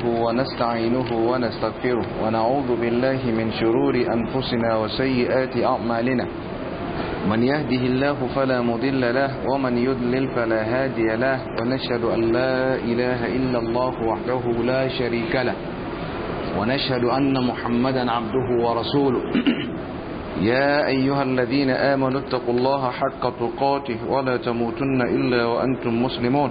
نحمده ونستعينه ونستغفره ونعوذ بالله من شرور أنفسنا وسيئات أعمالنا من يهده الله فلا مضل له ومن يضلل فلا هادي له ونشهد أن لا إله إلا الله وحده لا شريك له ونشهد أن محمدا عبده ورسوله يا أيها الذين آمنوا اتقوا الله حق تقاته ولا تموتن إلا وأنتم مسلمون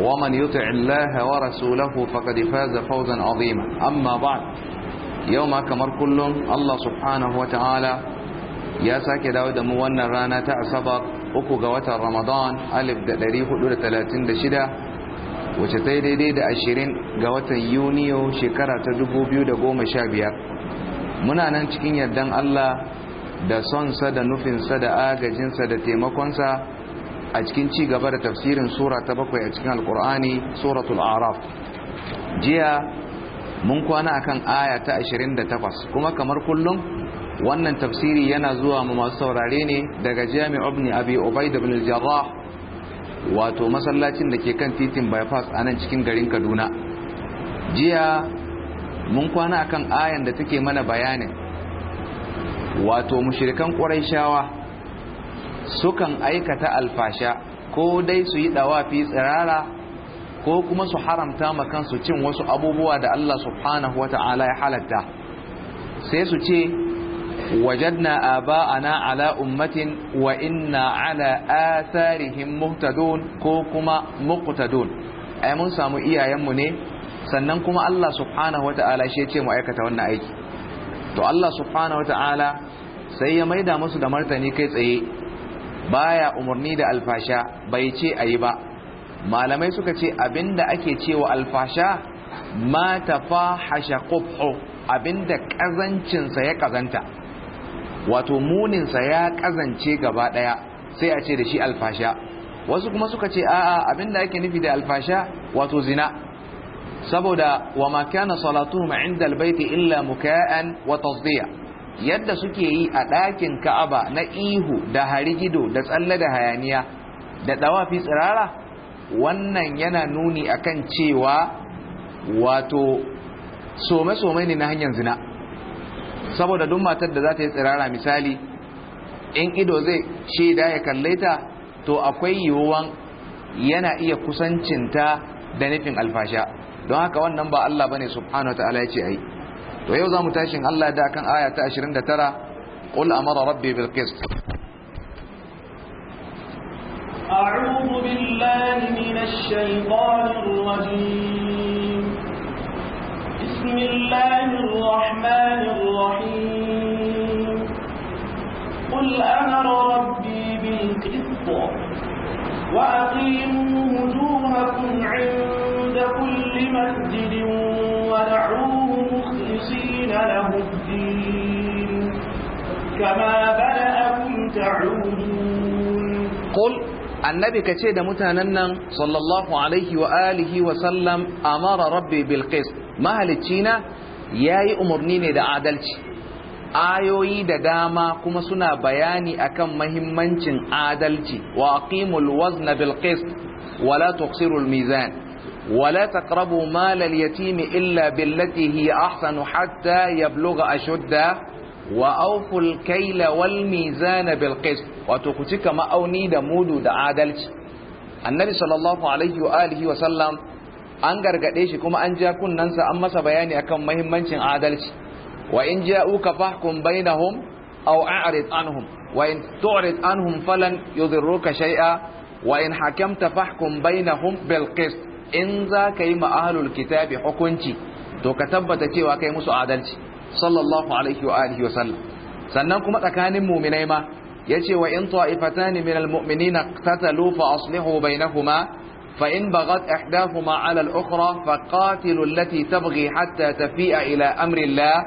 ومن يطع الله ورسوله فقد فاز فوزا عظيما أما بعد يوم كمر كل الله سبحانه وتعالى يا ساكي داود موانا رانا تأسبر uku ga watan ramadan alif da ɗari hudu da talatin da shida wace sai daidai da ashirin ga watan yuniyo shekara ta dubu goma sha biyar muna nan cikin yardan allah da sonsa da nufinsa da agajinsa da taimakonsa a cikin ci gaba da tafsirin sura ta bakwai a cikin alkur'ani suratul araf jiya mun kwana akan aya ta 28 kuma kamar kullum wannan tafsiri yana zuwa mu masu saurare ne daga jami ibn abi ubaid ibn al-jarrah wato masallacin da ke kan titin bypass a nan cikin garin kaduna jiya mun kwana akan ayan da take mana bayanin wato mushrikan shawa. sukan aikata alfasha ko dai su yi dawafi tsirara ko kuma su haramta ma kansu cin wasu abubuwa da Allah subhanahu ta'ala ya halatta sai su ce wajadna aba'ana ala ummatin wa inna ala atharihim muhtadun ko kuma muqtadun ai mun samu iyayenmu ne sannan kuma Allah subhanahu wata'ala shi ya ce mu aikata wannan aiki to Allah subhanahu wata'ala sai ya maida musu da martani kai tsaye baya umarni da alfasha bai ce ayi ba malamai suka ce abinda ake cewa alfasha ma tafahasha qubhu abinda kazancinsa ya kazanta wato muninsa ya kazance gaba daya sai a ce da shi alfasha wasu kuma suka ce a'a abinda ake nufi da alfasha wato zina saboda wa ma kana salatuhum inda albayti illa muka'an wa tasdiya yadda suke yi a ɗakin ka'aba na ihu da harigido da tsalle da hayaniya da ɗawafi tsirara wannan yana nuni akan cewa wato some-some ne na hanyar zina saboda duk matar da za ta yi tsirara misali in ido zai shaida ya kalle to akwai yiwuwan yana iya kusancinta da nufin alfasha don haka wannan ba Allah bane subhanahu wa ta'ala ya ce ai to yau zamu tashin Allah da kan aya ta 29 qul amara rabbi bil qist a'udhu billahi minash shaitanir rajim bismillahir rahmanir rahim qul amara rabbi bil qist wa aqimu كما بدأكم تعودون قل annabi ka ce da mutanen nan sallallahu alaihi wa alihi wa sallam amara rabbi bil qist mahalicci na yayi umarni ne da adalci ayoyi da dama kuma suna bayani akan mahimmancin adalci wa aqimul wazna bil qist wa la tuqsirul mizan wa la taqrabu mal al yatim illa billati hi ahsanu hatta yablugha ashudda wa auful kaila wal mizana bil qist wato ku cika ma'auni da mudu da adalci annabi sallallahu alaihi wa alihi wa sallam an gargade shi kuma an ja kunnansa an masa bayani akan muhimmancin adalci wa in ja'uka fahkum bainahum aw a'rid anhum wa in tu'rid anhum falan yudhirruka shay'a wa in hakamta fahkum bainahum bil qist in za ka yi ma ahlul kitabi hukunci to ka tabbata cewa kai musu adalci sallallahu alaihi wa alihi wa sallam sannan kuma tsakanin mu'minai ma yace wa in ta'ifatan min almu'minina qatatalu fa aslihu bainahuma fa in baghat ihdahuma ala al-ukhra fa qatilu allati tabghi hatta tafi'a ila amri Allah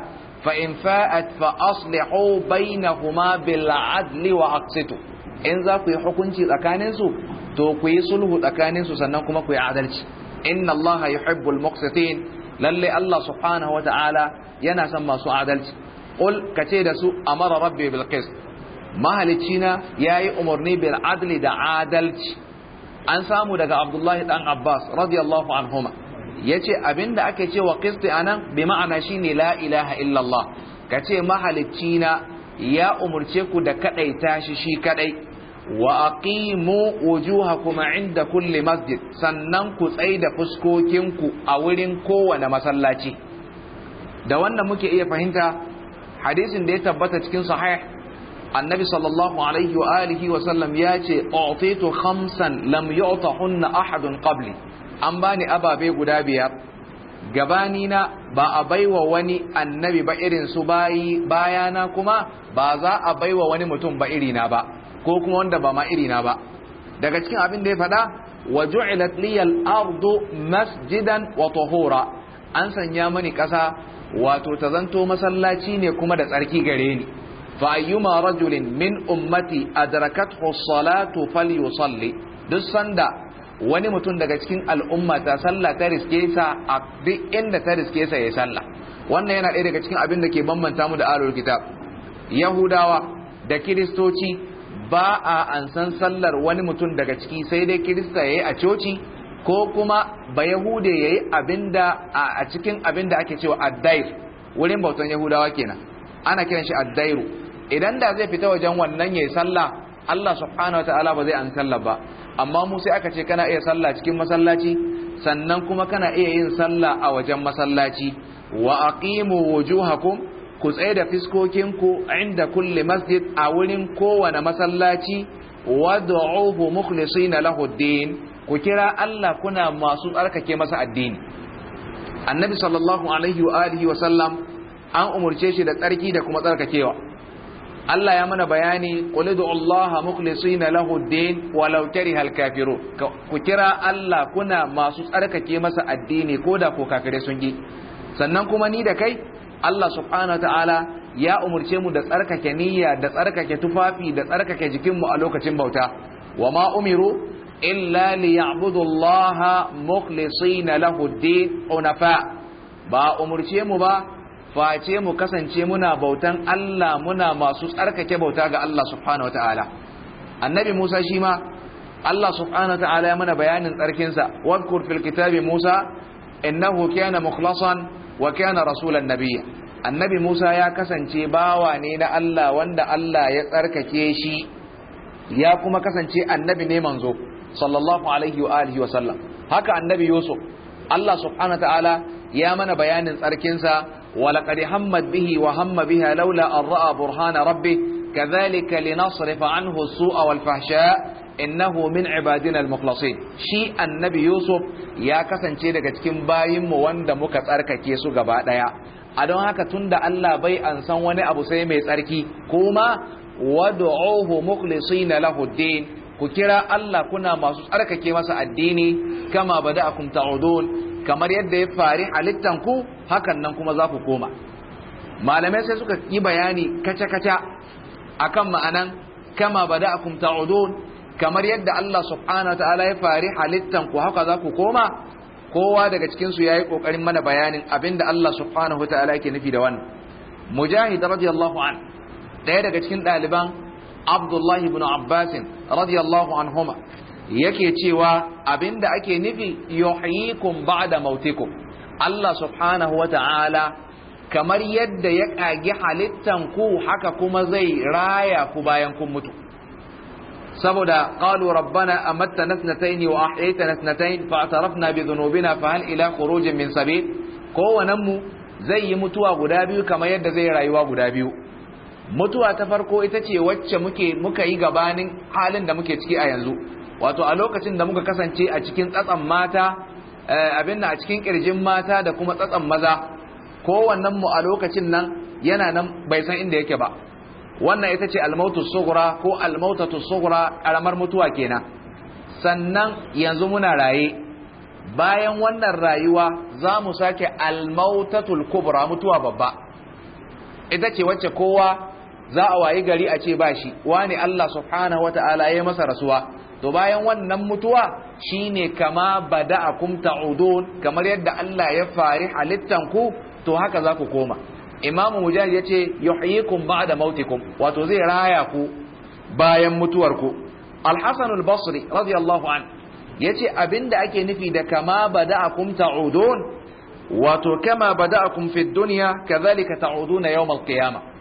fa in fa'at fa aslihu bainahuma bil 'adli wa aqsitu in za ku yi hukunci tsakaninsu to ku yi sulhu tsakaninsu sannan kuma ku yi adalci inna Allah yuhibbul muqsitin lalle Allah subhanahu wa ta'ala yana son masu adalci ka kace da su mara rabbi Bilkis. qist mahalicci na yayi umarni bil adli da adalci an samu daga abdullahi dan abbas radiyallahu anhuma yace abinda ake cewa qist anan bi ma'ana shine la ilaha illallah kace mahalicci na ya umarce ku da kaɗaita shi shi kadai wa aqimu wujuhakum inda kulli masjid sannan ku tsaida fuskokinku a wurin kowane masallaci da wannan muke iya fahimta hadisin da ya tabbata cikin sahih annabi sallallahu alaihi wa alihi wa sallam ya ce utitu khamsan lam hunna ahadun qabli an bani ababe guda biyar Gabanina ba a baiwa wani annabi ba irin su bayi bayana kuma ba za a baiwa wani mutum ba irina ba ko kuma wanda ba ma irina ba daga cikin abin da ya faɗa wa ju'ilat liyal ardu masjidan wa tahura an sanya mani ƙasa wato ta zanto masallaci ne kuma da tsarki gare ni fa ayyuma rajulin min ummati adrakathu salatu falyusalli duk sanda wani mutum daga cikin al'umma ta sallah ta riske sa a duk inda ta riske sa ya sallah wannan yana ɗaya daga cikin abin da ke bambanta mu da alul kitab yahudawa da kiristoci ba a ansan sallar wani mutum daga ciki sai dai kirista yayi a coci ko kuma ba yahude yayi abinda a cikin abinda ake cewa addair wurin bautan yahudawa kenan ana kiran shi addairu idan da zai fita wajen wannan ya yi sallah Allah subhanahu wataala ba zai an sallah ba amma mu aka ce kana iya sallah cikin masallaci sannan kuma kana iya yin sallah a wajen masallaci wa aqimu wujuhakum ku tsaye da fiskokinku inda kulle masjid a wurin kowane masallaci wad'uhu mukhlisina lahu din ku kira Allah kuna masu tsarkake masa addini annabi sallallahu alaihi wa alihi wa sallam an umurce shi da tsarki da kuma tsarkakewa Allah ya mana bayani qul du Allah mukhlisina lahu din walau kariha al ku kira Allah kuna masu tsarkake masa addini koda ko kafire sun yi sannan kuma ni da kai Allah subhanahu wa ta'ala ya umurce mu da tsarkake niyya da tsarkake tufafi da tsarkake jikinmu a lokacin bauta wa ma umiru illa liya'budu Allah mukhlisina lahu ad-din unafa ba umurce mu ba face mu kasance muna bautan Allah muna masu tsarkake bauta ga Allah subhanahu wataala annabi Musa shi ma Allah subhanahu ya mana bayanin tsarkinsa. sa wadkur fil Musa innahu kana mukhlasan wa kana annabi Musa ya kasance bawa ne na Allah wanda Allah ya tsarkake shi ya kuma kasance annabi ne manzo sallallahu alaihi wa alihi wa sallam haka annabi yusuf Allah subhanahu wa ta'ala ya mana bayanin tsarkinsa wa laqad hammat bihi wa hamma biha laula an ra'a burhana rabbi kadhalika linasrifa anhu as-su'a wal fahsha innahu min ibadina al-mukhlasin shi annabi yusuf ya kasance daga cikin bayinmu wanda muka tsarkake su gaba daya a don haka tunda Allah bai an san wani abu sai mai tsarki kuma wad'uhu mukhlisina lahu din ku kira Allah kuna masu tsarkake masa addini kama bada'akum ta'udun kamar yadda ya fari halittan ku hakan nan kuma za ku koma malamai sai suka yi bayani kaca-kaca akan ma'anan kama bada'akum ta'udun kamar yadda Allah subhanahu wa ta'ala ya fari halittan ku haka za ku koma kowa daga cikin su yayi kokarin mana bayanin abinda Allah subhanahu wa ta'ala yake nufi da wannan mujahid radiyallahu an daya daga cikin ɗaliban Abdullah ibn Abbas radiyallahu anhuma yake cewa abinda ake nufi yuhyikum ba'da mautikum Allah subhanahu ta'ala kamar yadda ya kagi halittan ku haka kuma zai raya ku bayan kun mutu saboda qalu rabbana amatta nasnatayn wa ahyaytana nasnatayn fa atarafna bi dhunubina fa hal ila khurujin min sabil kowannen mu zai yi mutuwa guda biyu kamar yadda zai rayuwa guda biyu mutuwa ta farko ita ce wacce muke muka yi gabanin halin da muke ciki a yanzu wato a lokacin da muka kasance a cikin tsatsan mata eh, abin da a cikin kirjin mata da kuma tsatsan maza kowannen mu a lokacin nan yana nan bai san inda yake ba wannan ita ce almautu sughra ko almautatu sughra karamar mutuwa kenan sannan yanzu muna raye bayan wannan rayuwa za mu sake almautatul kubra mutuwa babba ita ce wacce kowa za a wayi gari a ce ba shi wani Allah subhanahu wata'ala ya masa rasuwa to bayan wannan mutuwa shine kama bada'akum ta'udun kamar yadda Allah ya fari halittan ku to haka za ku koma Imam Mujahid yace yuhyikum ba'da mautikum wato zai raya ku bayan mutuwar ku Al-Hasan al-Basri radiyallahu an yace abinda ake nufi da kama bada'akum ta'udun wato kama bada'akum fid dunya kadhalika ta'uduna yawm al-qiyamah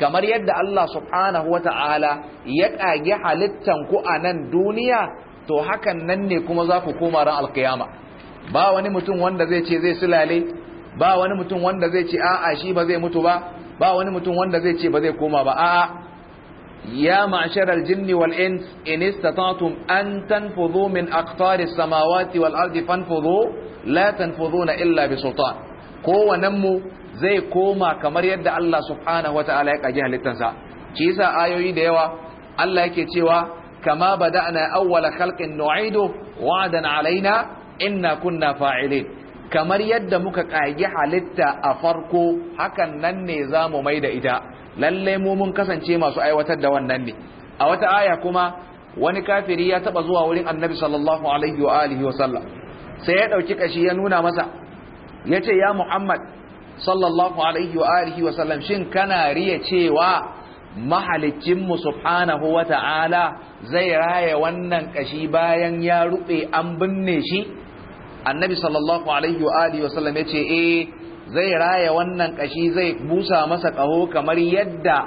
kamar yadda Allah subhanahu wata'ala ya kage halittan ku a nan duniya to hakan nan ne kuma za ku koma ran alkiyama ba wani mutum wanda zai ce zai sulale ba wani mutum wanda zai ce a'a shi ba zai mutu ba ba wani mutum wanda zai ce ba zai koma ba a'a ya ma'sharal jinni wal ins in istata'tum an tanfudhu min aqtari samawati wal ardi fanfudhu la tanfudhuna illa bi sultan kowannen mu zai koma kamar yadda Allah subhanahu wata'ala ya kage halittansa shi yasa ayoyi da yawa Allah yake cewa kama bada'na awwala khalqin nu'idu wa'dan alaina inna kunna fa'ilin kamar yadda muka kage halitta a farko hakan nan ne zamu mai da ita lalle mu mun kasance masu aiwatar da wannan ne a wata aya kuma wani kafiri ya taba zuwa wurin annabi sallallahu alaihi wa alihi wa sallam sai ya dauki kashi ya nuna masa yace ya muhammad sallallahu alaihi wa alihi wa sallam shin kana riya cewa mahalicin mu subhanahu wa ta'ala zai raye wannan kashi bayan ya rube an binne shi annabi sallallahu alaihi wa alihi wa sallam ya ce eh zai raya wannan kashi zai busa masa kaho kamar yadda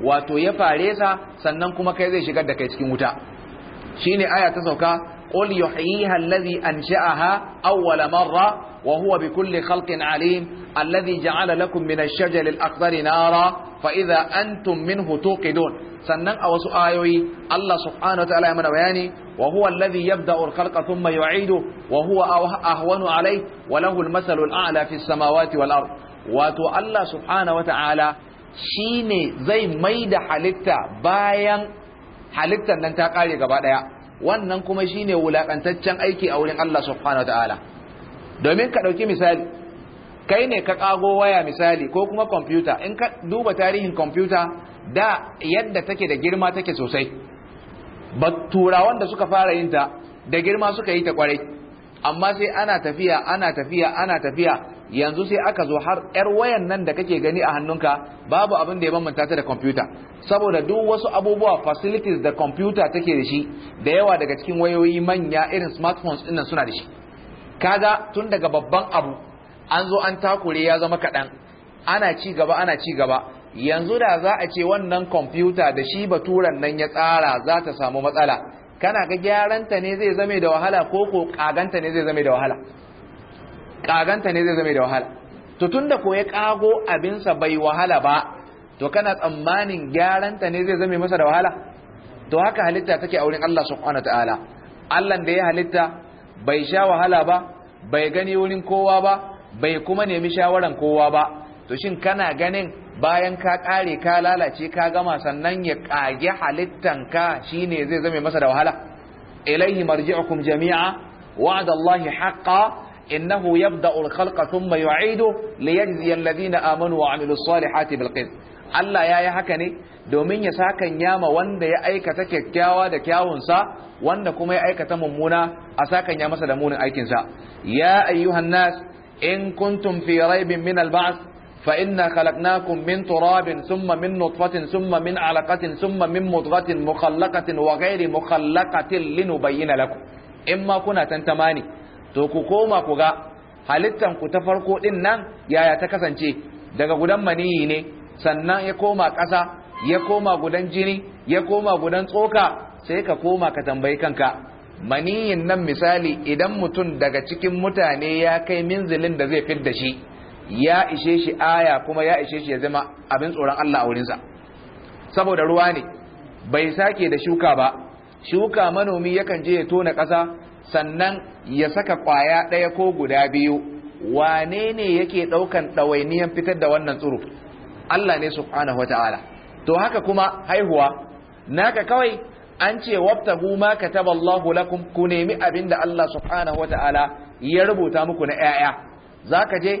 wato ya fare sa sannan kuma kai zai shigar da kai cikin wuta shine aya ta sauka قل يحييها الذي أنشأها أول مرة وهو بكل خلق عليم الذي جعل لكم من الشجر الأخضر نارا فإذا أنتم منه توقدون sannan a wasu ayoyi Allah subhanahu wa ta'ala ya mana bayani wa huwa alladhi yabda'u al-khalqa thumma yu'idu wa huwa ahwanu alai wa lahu al-masalu al-a'la fi as-samawati wal ard wato Allah subhanahu wa ta'ala shine zai maida halitta bayan halittar nan ta kare gaba daya wannan kuma shine wulaƙantaccen aiki a wurin Allah subhanahu wataala domin ka ɗauki misali kai ne ka kago waya misali ko kuma kwamfuta in ka duba tarihin kwamfuta da yadda take da girma take sosai ba turawan da suka fara yinta da girma suka yi ta kwarai amma sai ana tafiya ana tafiya ana tafiya yanzu sai aka zo har yar wayan nan da kake gani a hannunka babu abin da ya bambanta ta da kwamfuta saboda duk wasu abubuwa facilities da kwamfuta take da shi da yawa daga cikin wayoyi manya irin smartphones ɗin suna da shi kaga tun daga babban abu an zo an takure ya zama kaɗan ana ci gaba ana ci gaba yanzu da za a ce wannan kwamfuta da shi baturan nan ya tsara za ta samu matsala kana ga gyaranta ne zai zame da wahala ko ko kaganta ne zai zame da wahala kaganta ne zai zama da wahala to tunda ko ya kago abinsa bai wahala ba to kana tsammanin gyaranta ne zai zame masa da wahala to haka halitta take a wurin Allah subhanahu ta'ala Allah da ya halitta bai sha wahala ba bai gani wurin kowa ba bai kuma nemi shawaran kowa ba to shin kana ganin bayan ka kare ka lalace ka gama sannan ya kage halittanka shine zai zame masa da wahala ilaihi marji'ukum jami'a wa'adallahi haqqan إنه يبدأ الخلق ثم يعيده ليجزي الذين آمنوا وعملوا الصالحات بالقسط Allah ya yi haka ne domin ya sakan yama wanda ya aikata kyakkyawa da kyawunsa wanda kuma ya aikata mummuna a sakan ya masa da munin aikinsa ya ayyuhan nas in kuntum fi raibin min al fa inna khalaqnakum min turabin thumma min nutfatin thumma min alaqatin thumma min mudghatin mukhallaqatin wa ghairi mukhallaqatin linubayyana lakum in ma kuna tantama ne to ku koma ku ga halittan ku ta farko din nan yaya ta kasance daga gudan maniyi ne sannan ya koma ƙasa ya koma gudan jini ya koma gudan tsoka sai ka koma ka tambayi kanka maniyin nan misali idan mutum daga cikin mutane ya kai minzilin da zai fidda shi ya ishe shi aya kuma ya ishe shi ya zama abin tsoron Allah a wurinsa saboda ruwa ne bai sake da shuka ba shuka manomi yakan je ya tona ƙasa sannan ya saka kwaya ɗaya ko guda biyu wane ne yake ɗaukan ɗawainiyan fitar da wannan tsuru Allah ne subhanahu wata'ala to haka kuma haihuwa naka kawai an ce wabtahu ma kataba Allah lakum ku nemi abin da Allah subhanahu wata'ala ya rubuta muku na Za zaka je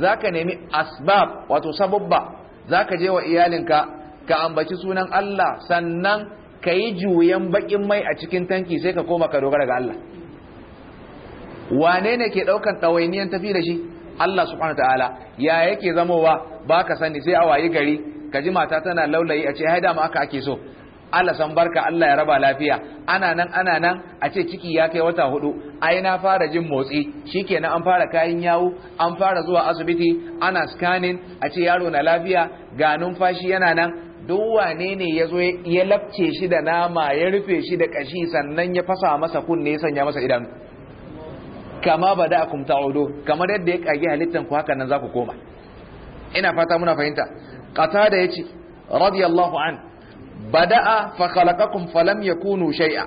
zaka nemi asbab wato sababba zaka je wa iyalinka ka ambaci sunan Allah sannan ka yi juyan baƙin mai a cikin tanki sai ka koma ka dogara ga Allah wane ne ke daukan ɗawainiyar tafi da shi Allah subhanahu ta'ala ya yake zamowa baka sani sai a wayi gari kaji mata tana laulayi a ce hai dama aka ake so Allah san barka Allah ya raba lafiya ana nan ana nan a ce ciki ya kai wata hudu ai na fara jin motsi shikenan an fara kayan yawo an fara zuwa asibiti ana scanning a ce yaro na lafiya ga numfashi yana nan duk wane ne ya zo ya lafce shi da nama ya rufe shi da kashi sannan ya fasa masa kunne ya sanya masa idanu kama ba kumta ta'udu kamar yadda ya kage halittan ku hakan nan za ku koma ina fata muna fahimta qatada yace radiyallahu an bada'a fa khalaqakum falam yakunu shay'a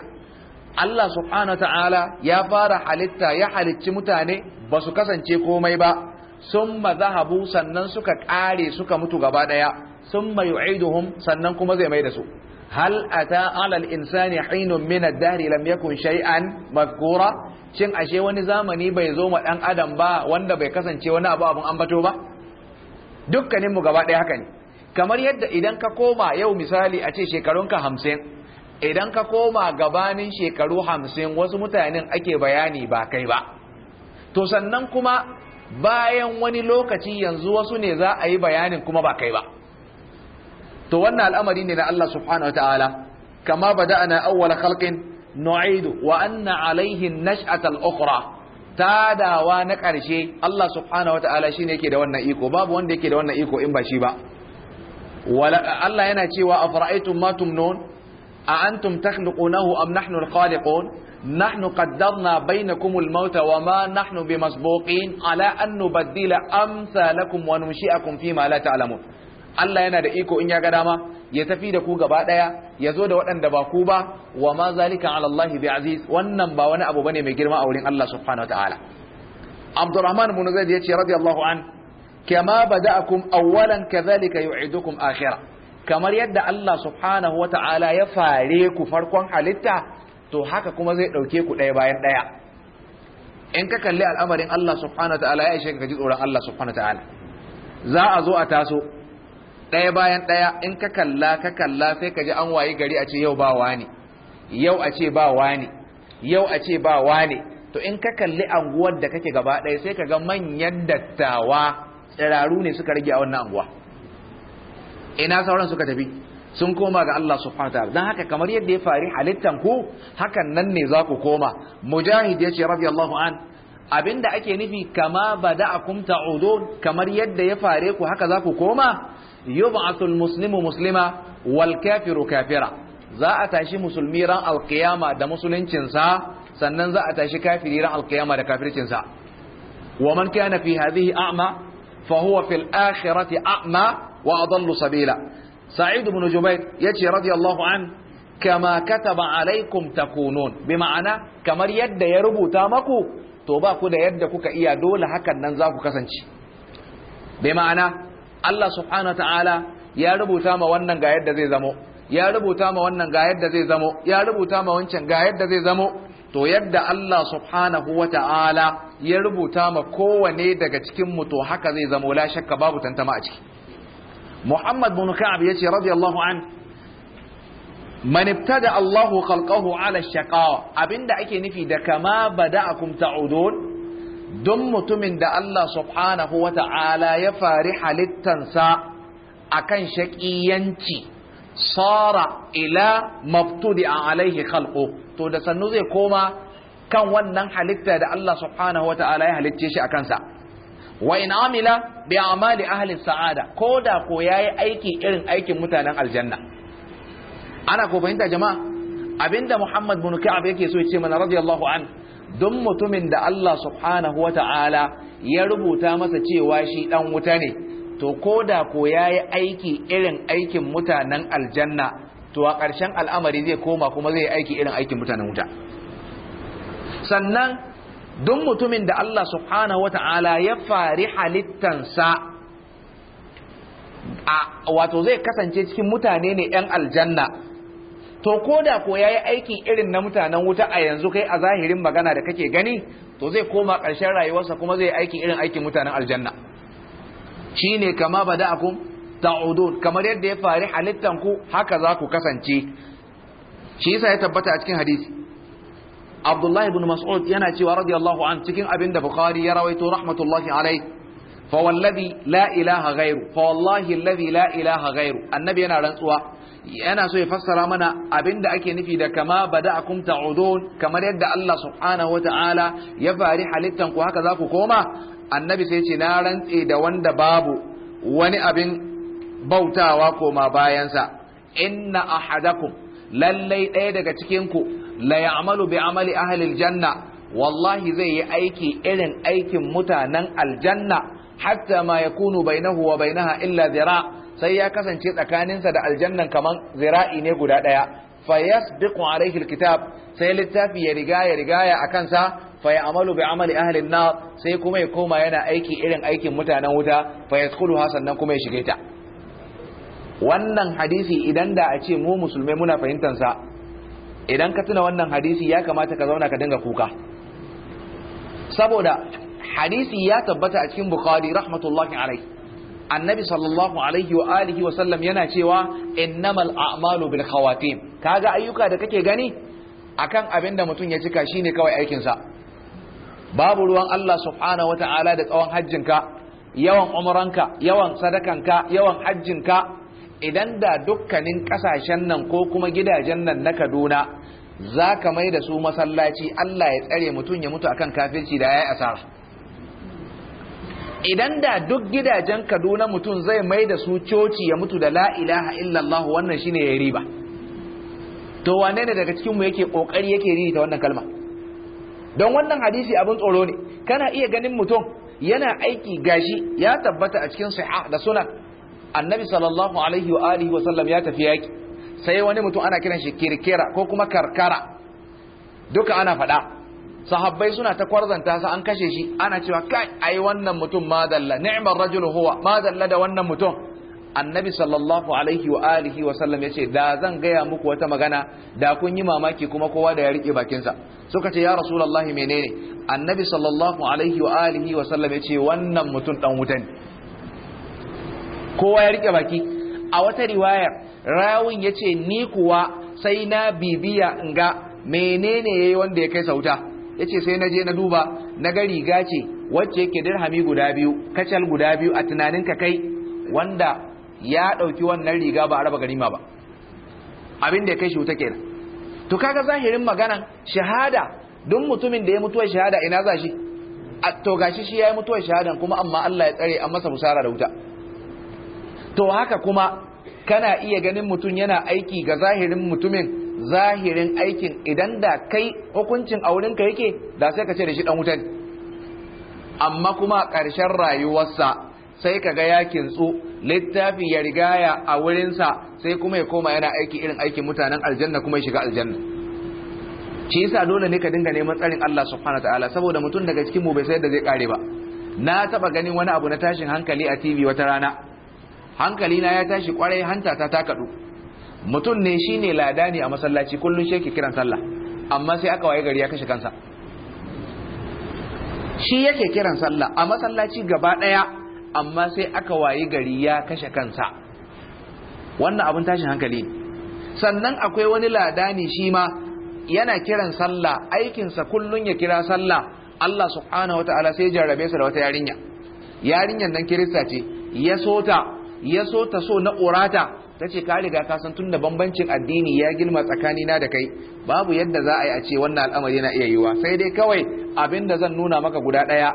Allah subhanahu ta'ala ya fara halitta ya halicci mutane ba su kasance komai ba summa zahabu sannan suka kare suka mutu gaba daya summa yu'iduhum sannan kuma zai mai da su hal ata alal insani hinun min ad-dahri lam yakun shay'an mafkura shin ashe wani zamani bai zo ma dan adam ba wanda bai kasance wani abu abun ambato ba dukkanin mu gaba ɗaya haka ne kamar yadda idan ka koma yau misali a ce shekarun ka hamsin idan ka koma gabanin shekaru hamsin wasu mutanen ake bayani ba kai ba to sannan kuma bayan wani lokaci yanzu wasu ne za a yi bayanin kuma ba kai ba to wannan al'amari ne na Allah subhanahu wataala kama bada'ana awwal khalqin nu'idu wa anna alaihin nashatal al-ukhra tadawa na ƙarshe Allah subhanahu wataala shine yake da wannan iko babu wanda yake da wannan iko in ba shi ba Allah yana cewa afara'aytum ma tumnun a antum takhluqunahu am nahnu na khaliqun نحن قدرنا بينكم الموت وما نحن بمسبوقين على أن نبدل أمثالكم وننشئكم فيما لا تعلمون Allah yana da iko in ya ga dama ya tafi da ku gaba daya ya zo da waɗanda ba ku ba wa ma zalika ala Allah bi aziz wannan ba wani abu bane mai girma a wurin Allah subhanahu wataala Abdurrahman ibn Zaid yace radiyallahu an kama bada'akum awwalan kadhalika yu'idukum akhirah kamar yadda Allah subhanahu wataala ya fare ku farkon halitta to haka kuma zai dauke ku ɗaya bayan ɗaya in ka kalli al'amarin Allah subhanahu wataala ya ishe ka ji tsoron Allah subhanahu wataala za a zo a taso ɗaya bayan ɗaya in ka kalla ka kalla sai ka ji an wayi gari a ce yau ba wani yau a ce ba wani yau a ce ba wani to in ka kalli anguwar da kake gaba ɗaya sai ka ga manyan dattawa tsiraru ne suka rage a wannan anguwa ina sauran suka tafi sun koma ga Allah subhanahu wataala dan haka kamar yadda ya fari halittan ku hakan nan ne za ku koma mujahid yace radiyallahu an abinda ake nufi kama bada'akum ta'udun kamar yadda ya fare ku haka za ku koma يبعث المسلم مسلما والكافر كافرا za a tashi musulmi ran alkiyama da musuluncinsa sannan za a tashi kafiri ran alkiyama da kafircinsa wa man kana fi hadhihi a'ma fa huwa fil akhirati a'ma wa adallu sabila sa'id ibn jubayr yace radiyallahu an kama kataba alaikum takunun bi ma'ana kamar yadda ya rubuta maku to ba ku da yadda kuka iya dole hakan nan za ku kasance bi ma'ana Allah subhanahu ta'ala ya rubuta ma wannan ga yadda zai zamo ya rubuta ma wannan ga yadda zai zamo ya rubuta ma wancan ga yadda zai zamo to yadda Allah subhanahu wa ta'ala ya rubuta ma kowane daga cikin mu to haka zai zamo la shakka babu tantama a ciki Muhammad bin Ka'ab yace radiyallahu an man ibtada Allahu khalqahu ala shaqa abinda ake nufi da kama bada'akum ta'udun don mutumin da Allah subhanahu wa ta'ala ya fari halittansa akan shaƙiyanci sara ila mabtudi a alaihi khalqu to da sannu zai koma kan wannan halitta da Allah subhanahu wa ta'ala ya halicce shi a kansa wa in amila bi amali ahli sa'ada ko da ko yi aiki irin aikin mutanen aljanna ana ko fahimta jama'a abinda Muhammad bin Ka'ab yake so ya ce mana radiyallahu anhu don mutumin da Allah subhanahu wa ta'ala ya rubuta masa cewa shi ɗan wuta ne to ko da ko ya yi aiki irin aikin mutanen aljanna to a ƙarshen al'amari zai koma kuma zai aiki irin aikin mutanen wuta sannan don mutumin da Allah subhanahu wa ta'ala ya fari halittansa wato zai kasance cikin mutane ne 'yan aljanna to ko da ko yayi aikin irin na mutanen wuta a yanzu kai a zahirin magana da kake gani to zai koma ƙarshen rayuwarsa kuma zai aikin irin aikin mutanen aljanna ne kama akun ta'udun kamar yadda ya fari halittan ku haka za ku kasance shi yasa ya tabbata a cikin hadisi Abdullahi ibn Mas'ud yana cewa radiyallahu an cikin abin da Bukhari ya rawaito rahmatullahi alai fa wallazi la ilaha ghairu fa wallahi la ilaha ghairu annabi yana rantsuwa yana so ya fassara mana abinda ake nufi da kama kumta ta'udun kamar yadda Allah subhanahu wata'ala ya fari halittan ku haka za ku koma annabi sai ce na rantse da wanda babu wani abin bautawa koma bayansa inna ahadakum lallai ɗaya daga cikin ku la ya'malu bi amali ahli janna. wallahi zai yi aiki irin aikin mutanen aljanna hatta ma yakunu bainahu wa bainaha illa zira' sai ya kasance tsakaninsa da aljannan kaman zira'i ne guda ɗaya fa yasbiqu alayhi alkitab sai littafi ya riga ya riga ya akan sa fa ya'malu bi amali ahli an-nar sai kuma ya koma yana aiki irin aikin mutanen wuta fa hasan nan kuma ya shige ta wannan hadisi idan da a ce mu musulmai muna fahimtar sa idan ka tuna wannan hadisi ya kamata ka zauna ka dinga kuka saboda hadisi ya tabbata a cikin bukhari rahmatullahi alayhi annabi sallallahu alaihi wa alihi wa sallam yana cewa innamal a'malu bil khawatim kaga ayyuka da kake gani akan abinda mutum ya cika shine kawai aikin sa babu ruwan Allah subhanahu wataala da tsawon hajjinka yawan ka yawan sadakan ka yawan hajjin ka idan da dukkanin kasashen nan ko kuma gidajen nan na Kaduna zaka mai da su masallaci Allah ya tsare mutum ya mutu akan kafirci da yayi asara idan da duk gidajen kaduna mutum zai mai da su coci ya mutu da la ilaha illallah wannan shine ya riba to wane ne daga cikinmu yake kokari yake riri ta wannan kalma don wannan hadisi abin tsoro ne kana iya ganin mutum yana aiki gashi ya tabbata a cikin sa'a da suna annabi sallallahu alaihi wa alihi wa sallam ya tafi yaki sai wani mutum ana kiran shi kirkira ko kuma karkara duka ana faɗa sahabbai suna ta kwarzanta su an kashe shi ana cewa kai ai wannan mutum madalla ni'mar rajul huwa madalla da wannan mutum annabi sallallahu alaihi wa alihi wa sallam yace da zan gaya muku wata magana da kun yi mamaki kuma kowa da ya rike bakinsa suka ce ya rasulullahi menene annabi sallallahu alaihi wa alihi wa sallam yace wannan mutum dan wuta ne kowa ya rike baki a wata riwayar rawin yace ni kuwa sai na bibiya in ga menene yayi wanda ya kai sauta Ya ce sai na je na duba na ga riga ce wacce yake dirhami guda biyu kacal guda biyu a tunanin ka kai wanda ya dauki wannan riga ba a raba ganima ba abin da ya kai shi wuta kenan to kaga zahirin maganan shahada don mutumin da ya mutuwa shahada ina za shi to gashi shi ya yi mutuwa shahadan kuma amma Allah ya tsare an masa musara da wuta to haka kuma kana iya ganin mutum yana aiki ga zahirin mutumin zahirin aikin idan da kai hukuncin a yake da sai ka ce da shi dan wutar amma kuma ƙarshen rayuwarsa sai ka ga ya kintsu littafi ya rigaya a wurinsa sai kuma ya koma yana aiki irin aikin mutanen aljanna kuma ya shiga aljanna shi yasa dole ne ka dinga neman tsarin Allah subhanahu wataala saboda mutum daga cikin mu bai sai da zai kare ba na taba ganin wani abu na tashin hankali a TV wata rana hankali na ya tashi kwarai hanta ta ta kadu mutum ne shine lada ne a masallaci kullum shi yake kiran sallah amma sai aka waye gari ya kashe kansa shi yake kiran sallah a masallaci gaba daya amma sai aka waye gari ya kashe kansa wannan abin tashin hankali ne sannan akwai wani ladani shi ma yana kiran sallah aikinsa kullum ya kira sallah Allah subhanahu wataala sai jarrabe sa da wata yarinya yarinyar nan kirista ce ya sota ya sota so na urata ta ce ka riga ka san tunda bambancin addini ya girma tsakani na da kai babu yadda za a yi a ce wannan al'amari yana iya yiwa sai dai kawai abin da zan nuna maka guda ɗaya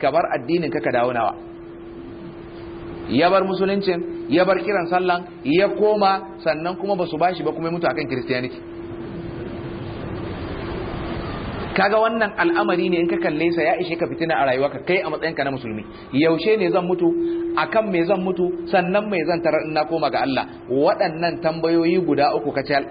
ka bar addinin ka ka dawo nawa ya bar musuluncin ya bar kiran sallan ya koma sannan kuma ba su bashi ba kuma ya mutu akan kiristiyaniki kaga wannan al'amari ne in ka kalle sa ya ishe ka fitina a rayuwa ka kai a matsayinka na musulmi yaushe ne zan mutu akan me zan mutu sannan me zan tarar ina koma ga Allah waɗannan tambayoyi guda uku ka kacal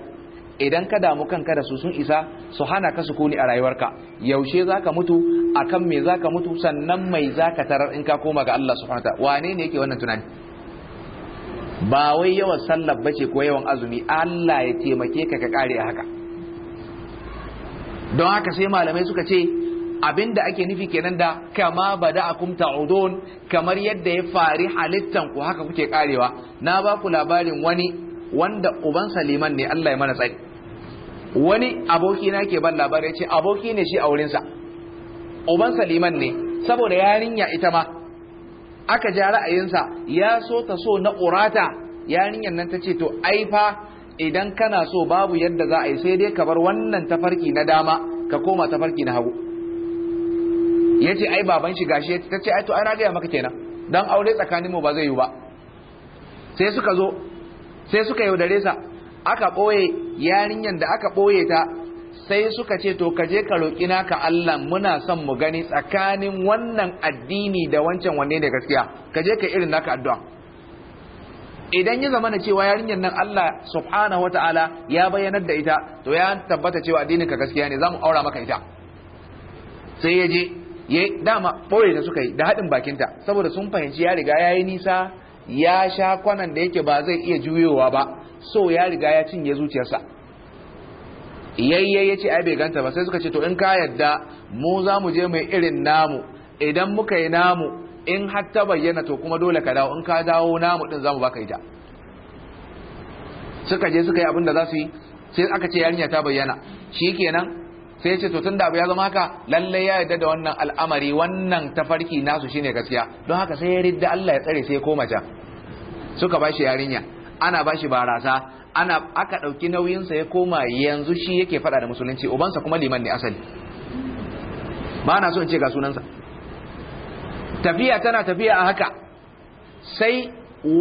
idan ka damu kanka da su sun isa su hana ka su kuni a rayuwarka yaushe zaka mutu akan me zaka mutu sannan za zaka tarar in ka koma ga Allah subhanahu wa wane ne yake wannan tunani ba wai yawan sallar bace ko yawan azumi Allah ya taimake ka ka kare haka don haka sai malamai suka ce abinda ake nufi kenan da kama ba da akum ta'udun kamar yadda ya fari halittan ku haka kuke karewa na ba ku labarin wani wanda uban saliman ne Allah ya mana tsari wani aboki na ke ban labarai ya ce aboki ne shi a wurinsa uban saliman ne saboda yarinya ita ma aka ja ra'ayinsa ya so ta so na urata yarinyar nan ta ce to ai fa idan kana so babu yadda za a yi sai dai ka bar wannan tafarki na dama ka koma tafarki na hagu ya ce ai baban shi gashi ta ce ai to ai na gaya maka kenan Don aure tsakanin mu ba zai yi ba sai suka zo sai suka yaudare sa aka ɓoye yarinyar da aka ɓoye ta sai suka ce to ka je ka roƙi naka Allah muna son mu gani tsakanin wannan addini da wancan wanne ne gaskiya ka je ka irin naka addu'a idan ya zama na cewa yarinyar nan Allah subhanahu Ta'ala ya bayyanar da ita to ya tabbata cewa addinin ka gaskiya ne zamu aura maka ita sai ya je ya dama ɓoye da suka yi da haɗin bakinta saboda sun fahimci ya riga yayi nisa ya sha kwanan da yake ba zai iya juyowa ba so ya riga ya cinye zuciyarsa yayye ce ai bai ganta ba sai suka ce to in ka yadda mu za mu je mai irin namu idan muka yi namu in har ta bayyana to kuma dole ka dawo in ka dawo namu din zamu baka ita suka je suka yi abin da za su yi sai aka ce yarinya ta bayyana shikenan sai ce to tun da abu ya zama haka lalle ya yarda da wannan al'amari wannan tafarki nasu shine gaskiya don haka sai ya ridda Allah ya tsare sai ya koma can suka shi yarinya ana ba shi barasa ana aka dauki nauyin sa ya koma yanzu shi yake fada da musulunci ubansa kuma liman ne asali ba na so in ce ga sunansa tafiya tana tafiya a haka sai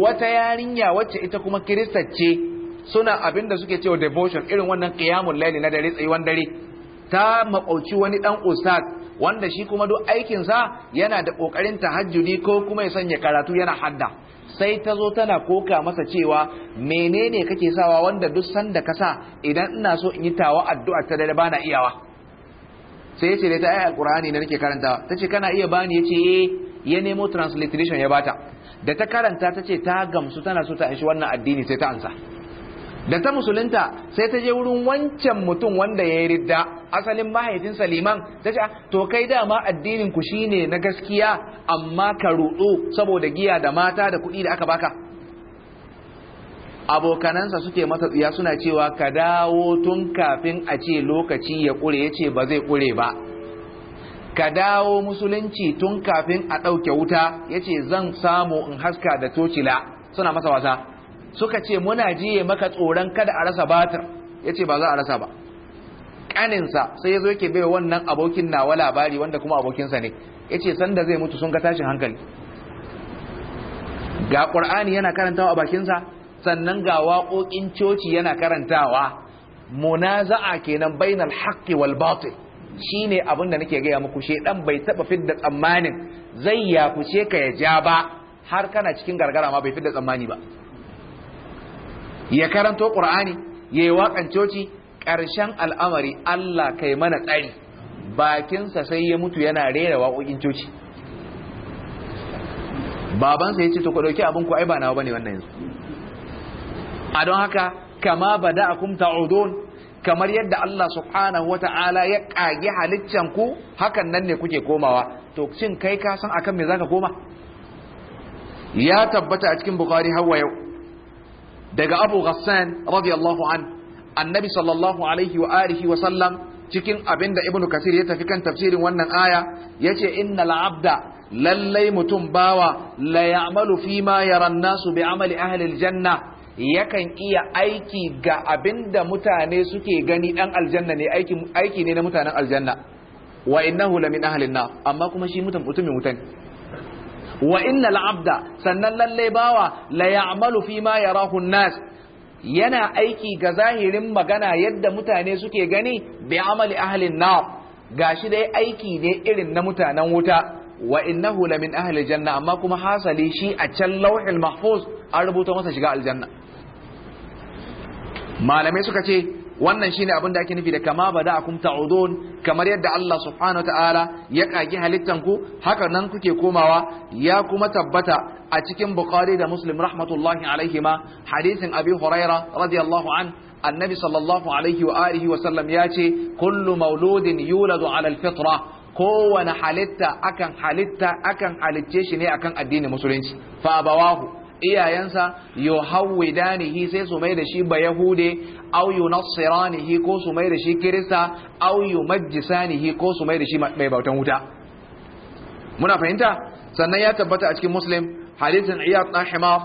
wata yarinya wacce ita kuma kirista ce suna abin da suke cewa devotion irin wannan qiyamul layli na dare tsayuwan dare ta makauci wani dan ustad wanda shi kuma duk aikin sa yana da kokarin tahajjudi ko kuma ya sanya karatu yana hadda sai ta zo tana koka masa cewa menene kake sawa wanda duk sanda ka sa idan ina so in yi tawa addu'a ta dare bana iyawa sai ya ce da ta ayi alqur'ani ne nake karanta tace kana iya bani yace eh ya nemo transliteration ya bata da ta karanta ta ce ta gamsu tana so ta anshi wannan addini sai ta ansa da ta musulunta sai ta je wurin wancan mutum wanda ya yi ridda asalin mahaifin saliman ta ce ah, to kai dama addinin ku shine na gaskiya amma ka ruɗu saboda giya da mata da kuɗi da aka baka abokanansa suke mata tsiya suna cewa ka dawo tun kafin a ce lokaci ya ƙure ya ce ba zai ƙure ba ka dawo musulunci tun kafin a ɗauke wuta ya ce zan samu in haska da tocila suna masa wasa suka ce muna jiye maka tsoron kada a rasa batir ya ce ba za a rasa ba ƙaninsa sai ya zo yake bai wannan abokin nawa labari wanda kuma abokinsa ne ya ce sanda zai mutu sun ga tashin hankali ga ƙur'ani yana karantawa a bakinsa sannan ga waƙoƙin coci yana karantawa munaza'a kenan bainal haqqi wal batil Shi ne abin da nake gaya muku ɗan bai taba fidda tsammanin zai yafuce ka ya ja ba har kana cikin gargara ma bai fidda tsammani ba ya karanto qur'ani yayi wakan coci ƙarshen al'amari Allah kai mana tsari bakinsa sai ya mutu yana rera waƙoƙin coci babansa ya ce to ku ɗauki abin ku ai ba nawa bane wannan yanzu a don haka kama bada akum ta'udun kamar yadda Allah subhanahu wata'ala ya kage halittan ku hakan nan ne kuke komawa to cin kai ka san akan me zaka koma ya tabbata a cikin bukhari hawa yau daga abu ghassan radiyallahu an annabi sallallahu alaihi wa alihi wa sallam cikin abinda ibnu kasir ya tafi kan tafsirin wannan aya yace innal abda lallai mutum bawa la ya'malu fi ma yara nasu bi amali ahli janna yakan iya aiki ga abinda mutane suke gani dan aljanna ne aiki ne na mutanen aljanna wa innahu lamin ahalin na? amma kuma shi mutum mutum wutan wa inna abda sannan lalle bawa la ya'malu fi ma yarahu nas yana aiki ga zahirin magana yadda mutane suke gani bi amali na? Ga gashi dai aiki ne irin na mutanen wuta wa innahu min ahli janna amma kuma hasali shi a can lauhil mahfuz an rubuta masa shiga aljanna malamai suka ce wannan shine abin da ake nufi da kama bada akum ta'udun kamar yadda Allah subhanahu ta'ala ya kagi halittan ku haka nan kuke komawa ya kuma tabbata a cikin bukhari da muslim rahmatullahi alaihima hadisin abi huraira radiyallahu an annabi sallallahu alaihi wa alihi wa sallam ya ce kullu mauludin yuladu ala alfitra kowane halitta akan halitta akan halicce shi ne akan addinin musulunci fa abawahu iyayensa yuhawwidanihi sai su mai da shi ba yahude aw yunassiranihi ko su mai da shi kirista aw yumajjisanihi ko su mai da shi mai bautan wuta muna fahimta sannan ya tabbata a cikin muslim hadisin iyad dan himar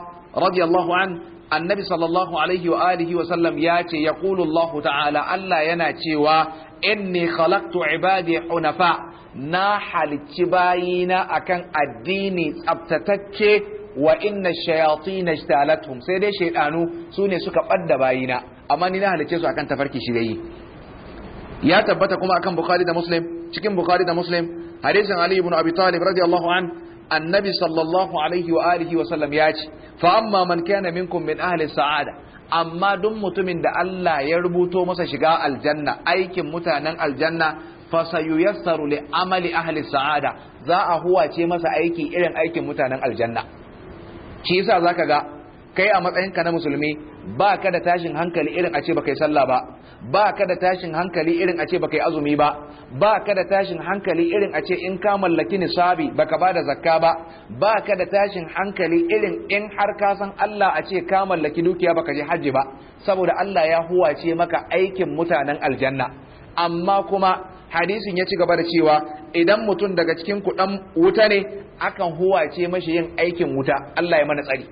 radiyallahu an annabi sallallahu alaihi wa alihi wa sallam ya ce ya kulullahu ta'ala allah yana cewa inni khalaqtu ibadi hunafa na halicci bayina akan addini tsabtatakke wa inna shayatin ijtalathum sai dai shaydanu su ne suka badda bayina amma ni na halice su akan tafarki yi. ya tabbata kuma akan bukhari da muslim cikin bukhari da muslim hadisin ali ibn abi talib radiyallahu an annabi sallallahu alaihi wa alihi wa sallam ya ce fa amma man kana minkum min ahli sa'ada amma duk mutumin da Allah ya rubuto masa shiga aljanna aikin mutanen aljanna fasayuyassaru li amali ahli sa'ada za a huwace masa aiki irin aikin mutanen aljanna shi yasa zaka ga kai a matsayin ka na musulmi ba ka da tashin hankali irin a ce baka yi sallah ba ba ka da tashin hankali irin a ce baka yi azumi ba ba ka da tashin hankali irin a ce in ka mallaki nisabi baka ba da zakka ba ba ka da tashin hankali irin in har ka san Allah a ce ka mallaki dukiya baka je hajji ba saboda Allah ya huwace maka aikin mutanen aljanna amma kuma hadisin ya ci gaba da cewa idan mutum daga cikin kudan wuta ne akan huwace mashi yin aikin wuta Allah ya mana tsari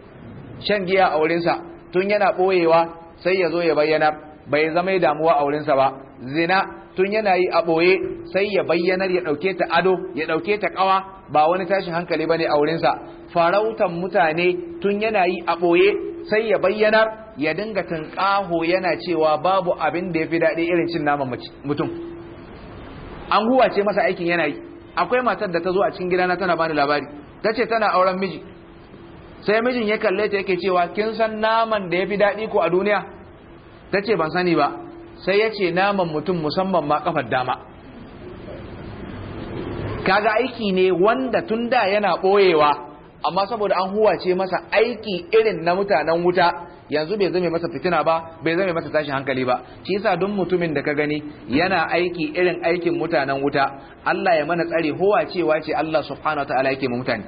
shan giya a wurinsa tun yana boyewa sai ya zo ya bayyana bai zama damuwa a wurinsa ba zina tun yana yi a boye sai ya bayyanar ya ɗauke ta ado ya ɗauke ta kawa ba wani tashin hankali ba ne a wurinsa farautan mutane tun yana yi a boye sai ya bayyana ya dinga tunƙaho yana cewa babu abin da ya fi daɗi irin cin naman mutum an huwace masa aikin yana yi akwai matar da ta zo a cikin gidana tana bani labari ta ce tana auren miji sai mijin ya kalle ta yake cewa kin san naman da ya fi daɗi ko a duniya ta ce ban sani ba sai ya ce naman mutum musamman ma kafar dama kaga aiki ne wanda tun da yana ɓoyewa amma saboda an huwace masa aiki irin na mutanen wuta yanzu bai zame masa fitina ba bai zame masa tashin hankali ba shi yasa duk mutumin da ka gani yana aiki irin aikin mutanen wuta Allah ya mana tsare howa cewa ce Allah subhanahu ta'ala yake mu mutane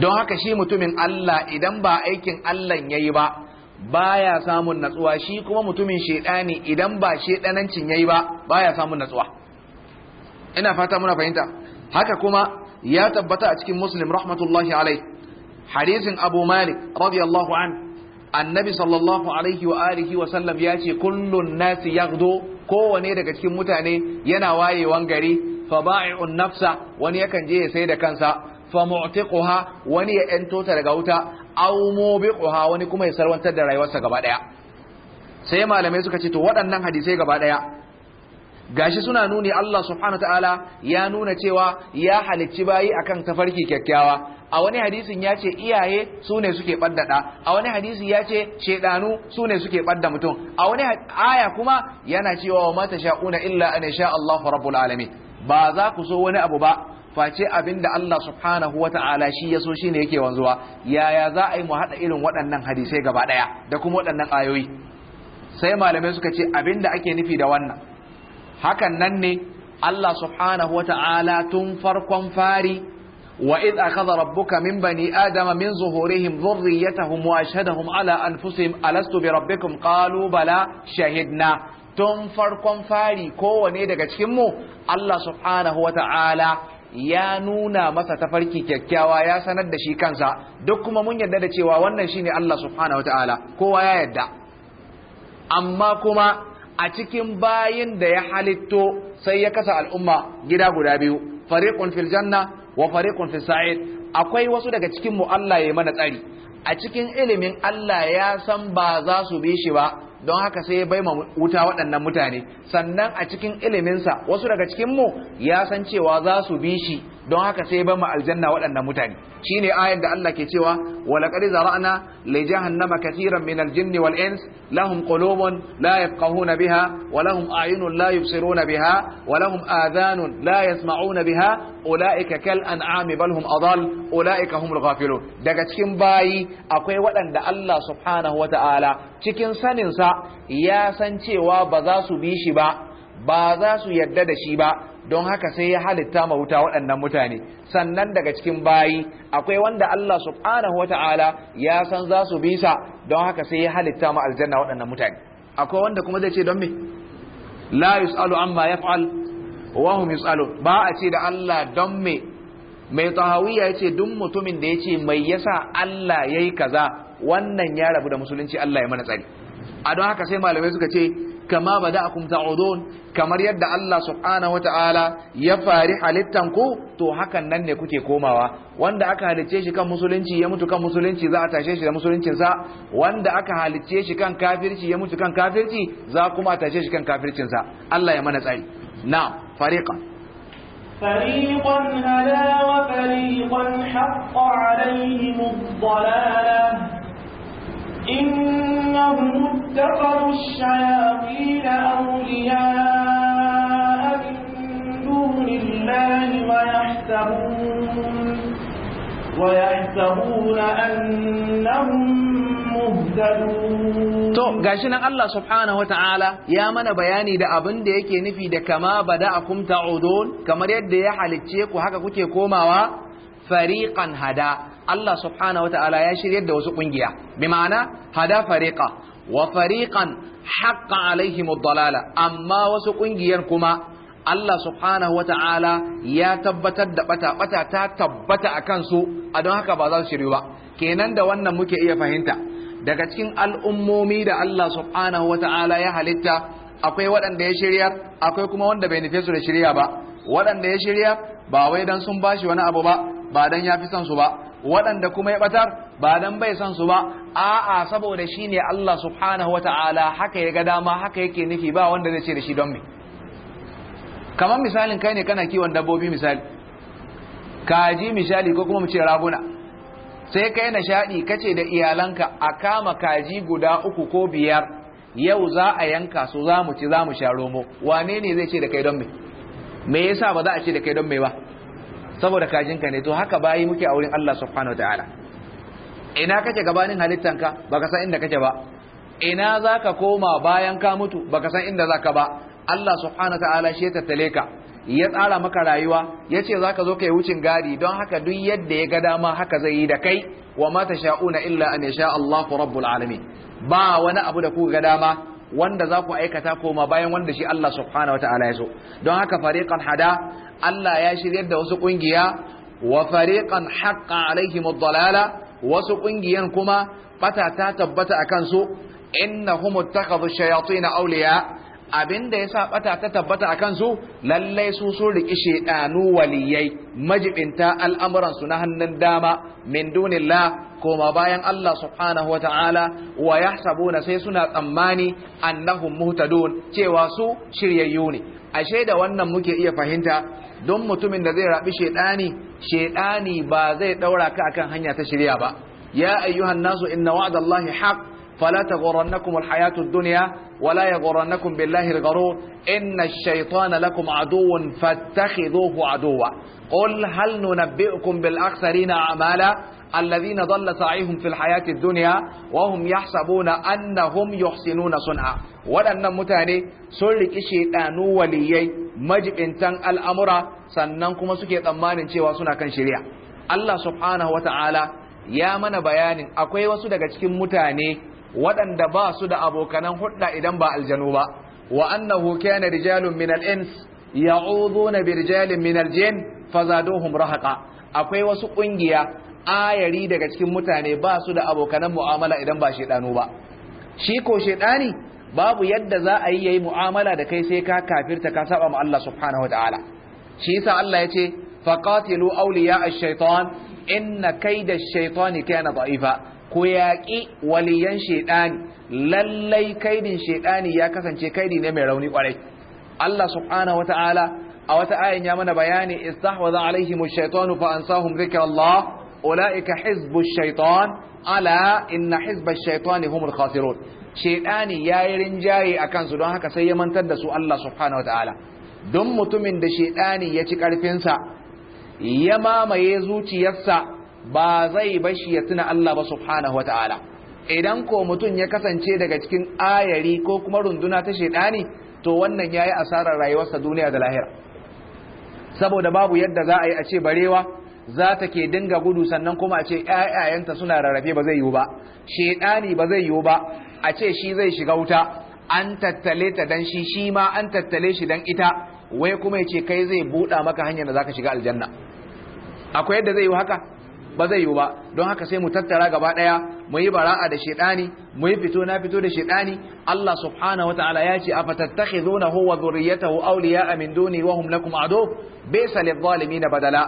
don haka shi mutumin Allah idan ba aikin Allah yayi ba baya samun natsuwa shi kuma mutumin shedani idan ba shedanancin yayi ba baya samun natsuwa ina fata muna fahimta haka kuma ya tabbata a cikin muslim rahmatullahi alai hadisin abu malik radiyallahu anhu annabi sallallahu alaihi wa alihi wa sallam ya ce kullun nasi yaghdu kowane daga cikin mutane yana wayewan gari fa ba'i'un nafsa wani yakan je ya sai da kansa fa mu'tiquha wani ya ento ta daga wuta aw mubiquha wani kuma ya sarwantar da rayuwarsa gaba daya sai malamai suka ce to waɗannan hadisai gaba daya gashi suna nuni Allah subhanahu ta'ala ya nuna cewa ya halicci bayi akan tafarki kyakkyawa a wani hadisin ya ce iyaye su ne suke ɓadda a wani hadisin ya ce shaidanu su ne suke ɓadda mutum a wani aya kuma yana cewa wa mata sha'una illa an sha Allahu rabbul alamin ba za ku so wani abu ba face abin da Allah subhanahu wa ta'ala shi ya so shi ne yake wanzuwa yaya za a yi mu haɗa irin waɗannan hadisai gaba ɗaya da kuma waɗannan ayoyi sai malamai suka ce abin da ake nufi da wannan hakan nan ne Allah subhanahu wa ta'ala tun farkon fari وإذ أخذ ربك من بني آدم من ظهورهم ذريتهم وأشهدهم على أنفسهم ألست بربكم قالوا بلى شهدنا تم farkon فاري كوني daga cikin mu Allah subhanahu ya nuna masa tafarki kyakkyawa ya sanar da shi kansa duk kuma mun yarda da cewa wannan shine Allah subhanahu wata'ala kowa ya yarda amma kuma a cikin bayin da ya halitto sai ya kasa al'umma gida guda biyu fariqun fil janna wa fariqun fi sa'id akwai wasu daga cikin mu Allah ya mana tsari a cikin ilimin Allah ya san ba za su bi shi ba don haka sai ya bai ma wuta waɗannan mutane sannan a cikin iliminsa wasu daga cikin mu ya san cewa za su bi shi don haka sai ba mu aljanna waɗannan mutane shine ayar da Allah ke cewa wa laqad zara'na li jahannama katiran min al-jinni wal ins lahum qulubun la yafqahuna biha wa lahum a'yunun la yubsiruna biha wa lahum adhanun la yasma'una biha ulaika kal an'ami bal hum adall ulaika humul ghafilun daga cikin bayi akwai waɗanda Allah subhanahu wa ta'ala cikin saninsa ya san cewa ba za su bi shi ba ba za su yadda da shi ba don haka sai ya halitta ma wuta waɗannan mutane sannan daga cikin bayi akwai wanda Allah subhanahu wata'ala ya san za su bisa don haka sai ya halitta ma aljanna waɗannan mutane akwai wanda kuma zai ce don me la yus'alu amma yaf'al wa hum yus'alu ba a ce da Allah don me mai tahawiya yace duk mutumin da yace mai yasa Allah yayi kaza wannan ya rabu da musulunci Allah ya mana tsari a don haka sai malamai suka ce kama bada'akum ta'udun kamar yadda Allah subhanahu wata'ala ya fari halittan ku to hakan nan ne kuke komawa wanda aka halicce shi kan musulunci ya mutu kan musulunci za a tashe shi da musuluncin sa wanda aka halicce shi kan kafirci ya mutu kan kafirci za kuma a tashe shi kan kafircin sa Allah ya mana tsari na fariqan فريقا هدى وفريقا حق عليهم الضلاله إنهم اتخذوا الشياطين أولياء من دون الله ويحسبون ويحسبون أنهم To gashi nan Allah subhanahu ta'ala ya mana bayani da abin da yake nufi da kama bada akum ta'udun kamar yadda ya halicce ku haka kuke komawa fariqan hada Allah subhanahu wataala ya shiryar da wasu ƙungiya. bi ma'ana hada fariqa wa fariqan haqqa alaihim dalala amma wasu ƙungiyar kuma Allah subhanahu wa ya tabbatar da ɓata-ɓata ta tabbata a kansu a don haka ba za su shiryu ba kenan da wannan muke iya fahimta daga cikin al'ummomi da Allah subhanahu wa ya halitta akwai waɗanda ya shirya akwai kuma wanda bai nufe su da shirya ba waɗanda ya shirya ba wai dan sun bashi wani abu ba ba dan ya fi son su ba waɗanda kuma ya batar ba dan bai son su ba a'a saboda shi ne Allah subhanahu wata'ala haka ya ga dama haka yake nufi ba wanda zai ce da shi don me kamar misalin kai ne kana kiwon dabbobi misali kaji misali ko kuma mu ce raguna sai kai nishaɗi kace da iyalanka a kama kaji guda uku ko biyar yau za a yanka su za mu ci za mu sha romo wane ne zai ce da kai don me me yasa ba za a ce da kai don me ba saboda kajinka ne to haka bayi muke a wurin Allah subhanahu wataala ina kake gabanin halittanka baka san inda kake ba ina zaka koma bayan ka mutu baka san inda zaka ba Allah subhanahu wataala shi ya tattale ka ya tsara maka rayuwa ya ce za ka zo kai wucin gadi don haka duk yadda ya ga dama haka zai yi da kai wa mata sha'una illa an sha Allah rabbul alamin ba wani abu da ku ga dama wanda za ku aikata koma bayan wanda shi Allah subhanahu wataala ya so don haka fariqan hada Allah ya shiryar da wasu ƙungiya wa fariqan haqqa alaihim ad-dalala wasu ƙungiyan kuma bata ta tabbata akan su innahum ittakhadhu shayatin awliya abinda yasa bata ta tabbata akan su lalle su sun riki shedanu waliyai majibinta al'amuran su na hannun dama min dunillah koma bayan Allah subhanahu wata'ala wa yahsabuna sai suna tsammani annahum muhtadun cewa su shiryayyu ne ashe da wannan muke iya fahimta don mutumin da zai rabi shedani shedani ba zai daura ka akan hanya ta shirya ba ya ayyuhan nasu inna wa'dallahi haqq فلا تغرنكم الحياة الدنيا ولا يغرنكم بالله الغرور إن الشيطان لكم عدو فاتخذوه عدوا قل هل ننبئكم بالأخسرين أعمالا alladhina dhalla sa'ihum fil hayati duniya. wa hum na annahum na sun'a waɗannan mutane sun riki shedanu waliyyai majibintan al'amura sannan kuma suke tsammanin cewa suna kan shirya. Allah subhanahu wata'ala ya mana bayanin akwai wasu daga cikin mutane waɗanda ba su da abokanan hudda idan ba aljanu ba wa annahu kana rijalun min al-ins ya'uduna bi rijalin min al-jinn fazaduhum rahaqa akwai wasu ƙungiya. ayari daga cikin mutane ba su da abokanan mu'amala idan ba shaidanu ba shi ko shaidani babu yadda za a yi yayi mu'amala da kai sai ka kafirta ka saba ma Allah subhanahu wataala shi yasa Allah ya ce faqatilu awliya ash-shaytan inna kayda ash-shaytani kana da'ifa ko yaƙi waliyan shaidani lallai kaidin shaidani ya kasance kaidi ne mai rauni kwarai Allah subhanahu wataala a wata ayan ya mana bayani istahwaza alaihim ash-shaytanu fa ansahum dhikrallah ulaika hizbu shaitan ala inna hizba shaitani humul khasirun shedani yayi rinjaye akan su don haka sai ya mantar da su Allah subhanahu don mutumin da shedani ya ci karfin ya mamaye zuciyarsa ba zai bashi ya tuna Allah ba subhanahu idan ko mutum ya kasance daga cikin ayari ko kuma runduna ta shedani to wannan yayi asarar rayuwarsa duniya da lahira saboda babu yadda za a yi a ce barewa za ta ke dinga gudu sannan kuma a ce ƴaƴayenta suna rarrafe ba zai yiwu ba shedani ba zai yiwu ba a ce shi zai shiga wuta an tattale ta dan shi shi ma an tattale shi dan ita wai kuma ya ce kai zai buɗa maka hanyar da zaka shiga aljanna akwai yadda zai yiwu haka ba zai yiwu ba don haka sai mu tattara gaba ɗaya mu yi bara'a da shaytani mu yi fito na fito da shaytani Allah subhanahu ta'ala ya ce afatattakhizunahu wa dhurriyyatahu awliya'a min duni wa hum lakum adu bisa lidh-dhalimin badala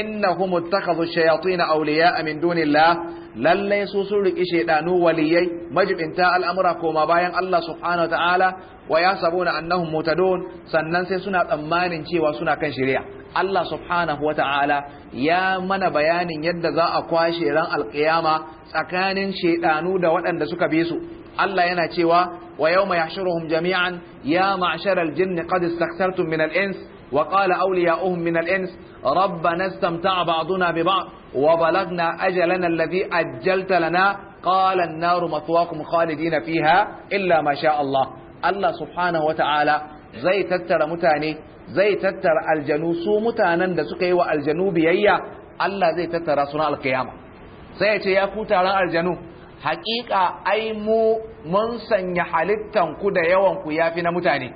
innahum ittakhadhu ash-shayatin awliya'a min duni Allah lalle su sun riki shaydanu waliyai majibinta al'amura koma bayan Allah subhanahu ta'ala, wa yasabuna annahum mutadun sannan sai suna tsammanin cewa suna kan shari'a Allah subhanahu wa ta'ala ya mana bayanin yadda za a kwashe ran alƙiyama tsakanin shaidanu da waɗanda suka bi su Allah yana cewa wa yawma yahshuruhum jami'an ya ma'sharal jinn qad istakthartum min al-ins wa qala awliya'uhum min al-ins rabbana istamta'a ba'duna bi ba'd wa balagna ajalana alladhi ajjalta lana qala an-naru mathwaakum khalidina fiha illa ma sha Allah Allah subhanahu wa ta'ala zai tattara mutane zai tattara aljanu su mutanen da suka yi wa aljanu biyayya Allah zai tattara suna alkiyama sai ya ce ya ku taron aljanu haƙiƙa ai mu mun sanya halittan ku da yawan ku yafi na mutane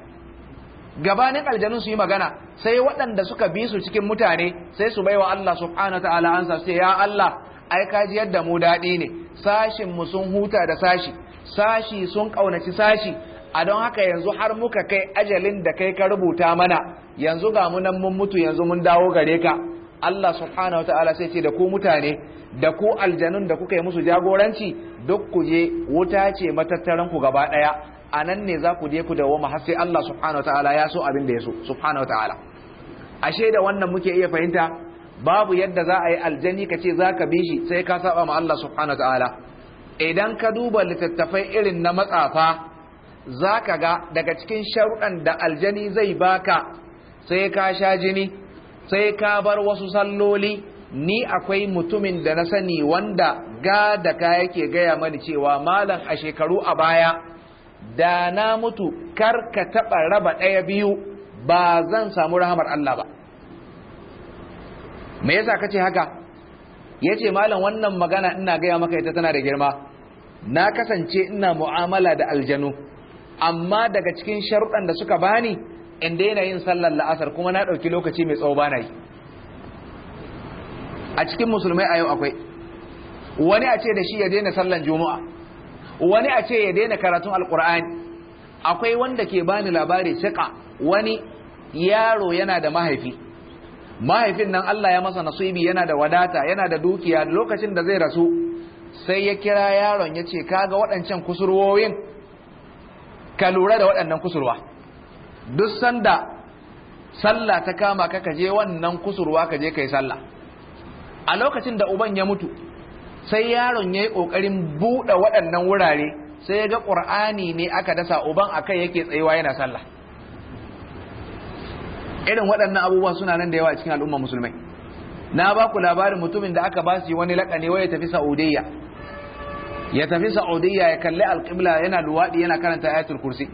gabanin aljanu su yi magana sai waɗanda suka bi su cikin mutane sai su bai wa Allah subhanahu ta'ala ansa sai ya Allah ai ka ji yadda mu daɗi ne sashin mu sun huta da sashi sashi sun ƙaunaci sashi a don haka yanzu har muka kai ajalin da kai ka rubuta mana yanzu ga mu nan mun mutu yanzu mun dawo gare ka Allah subhanahu wataala sai ce da ku mutane da ku aljanun da kuka yi musu jagoranci duk ku je wuta ce matattaran ku gaba daya a nan ne za ku je ku dawo har sai Allah subhanahu wataala ya so abin da ya so subhanahu wataala ashe da wannan muke iya fahimta babu yadda za a yi aljani ka ce za ka bi shi sai ka saba ma Allah subhanahu wataala idan ka duba littattafai irin na matsafa za ka ga daga cikin sharuɗan da aljani zai baka sai ka sha jini sai ka bar wasu salloli ni akwai mutumin da na sani wanda ga da ka yake gaya mani cewa malam a shekaru a baya da na mutu kar ka taɓa raba ɗaya biyu ba zan samu rahamar Allah ba me yasa ka ce haka Ya ce malam wannan magana ina gaya maka ita tana da girma na kasance ina mu'amala da aljanu amma daga cikin sharuɗan da suka bani in daina yin sallar la'asar kuma na ɗauki lokaci mai tsawo bana yi a cikin musulmai a yau akwai wani a ce da shi ya daina sallar juma'a wani a ce ya daina karatun alkur'ani akwai wanda ke bani labari shiƙa wani yaro yana da mahaifi mahaifin nan Allah ya masa nasibi yana da wadata yana da dukiya lokacin da zai rasu sai ya kira yaron ya ce kaga waɗancan kusurwoyin ka lura da waɗannan kusurwa duk sanda sallah ta kama ka ka je wannan kusurwa ka kaje kai sallah a lokacin da uban ya mutu sai yaron ya yi ƙoƙarin buɗe waɗannan wurare sai ya ga ƙur'ani ne aka dasa uban a kai yake tsayuwa yana sallah irin waɗannan abubuwa suna nan da yawa cikin al'umma musulmai na ba ku labarin mutumin da aka ba su wani laƙani ya tafi sa'udiyya ya tafi saudiya ya kalli alƙibla yana luwaɗi yana karanta ayatul kursi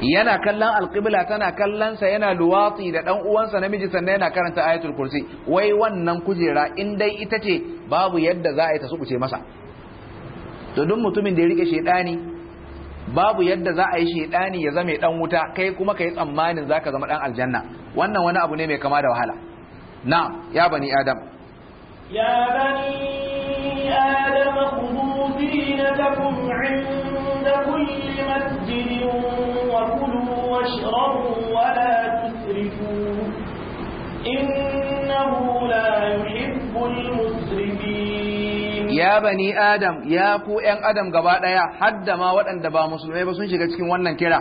yana kallon alƙibla tana kallonsa yana luwatsi da ɗan uwansa namiji sannan yana karanta ayatul kursi wai wannan kujera in dai ita ce babu yadda za a yi ta suɓuce masa to duk mutumin da ya rike shaidani babu yadda za a yi shaidani ya zama ɗan wuta kai kuma kai tsammanin za ka zama dan aljanna wannan wani abu ne mai kama da wahala na ya bani adam ya bani آدم خذوا زينتكم عند كل مسجد وكلوا واشربوا ولا تسرفوا إنه لا يحب المسرفين Ya bani Adam ya كو أن Adam gaba ɗaya, hadda ma waɗanda ba musulmai ba sun shiga cikin wannan kira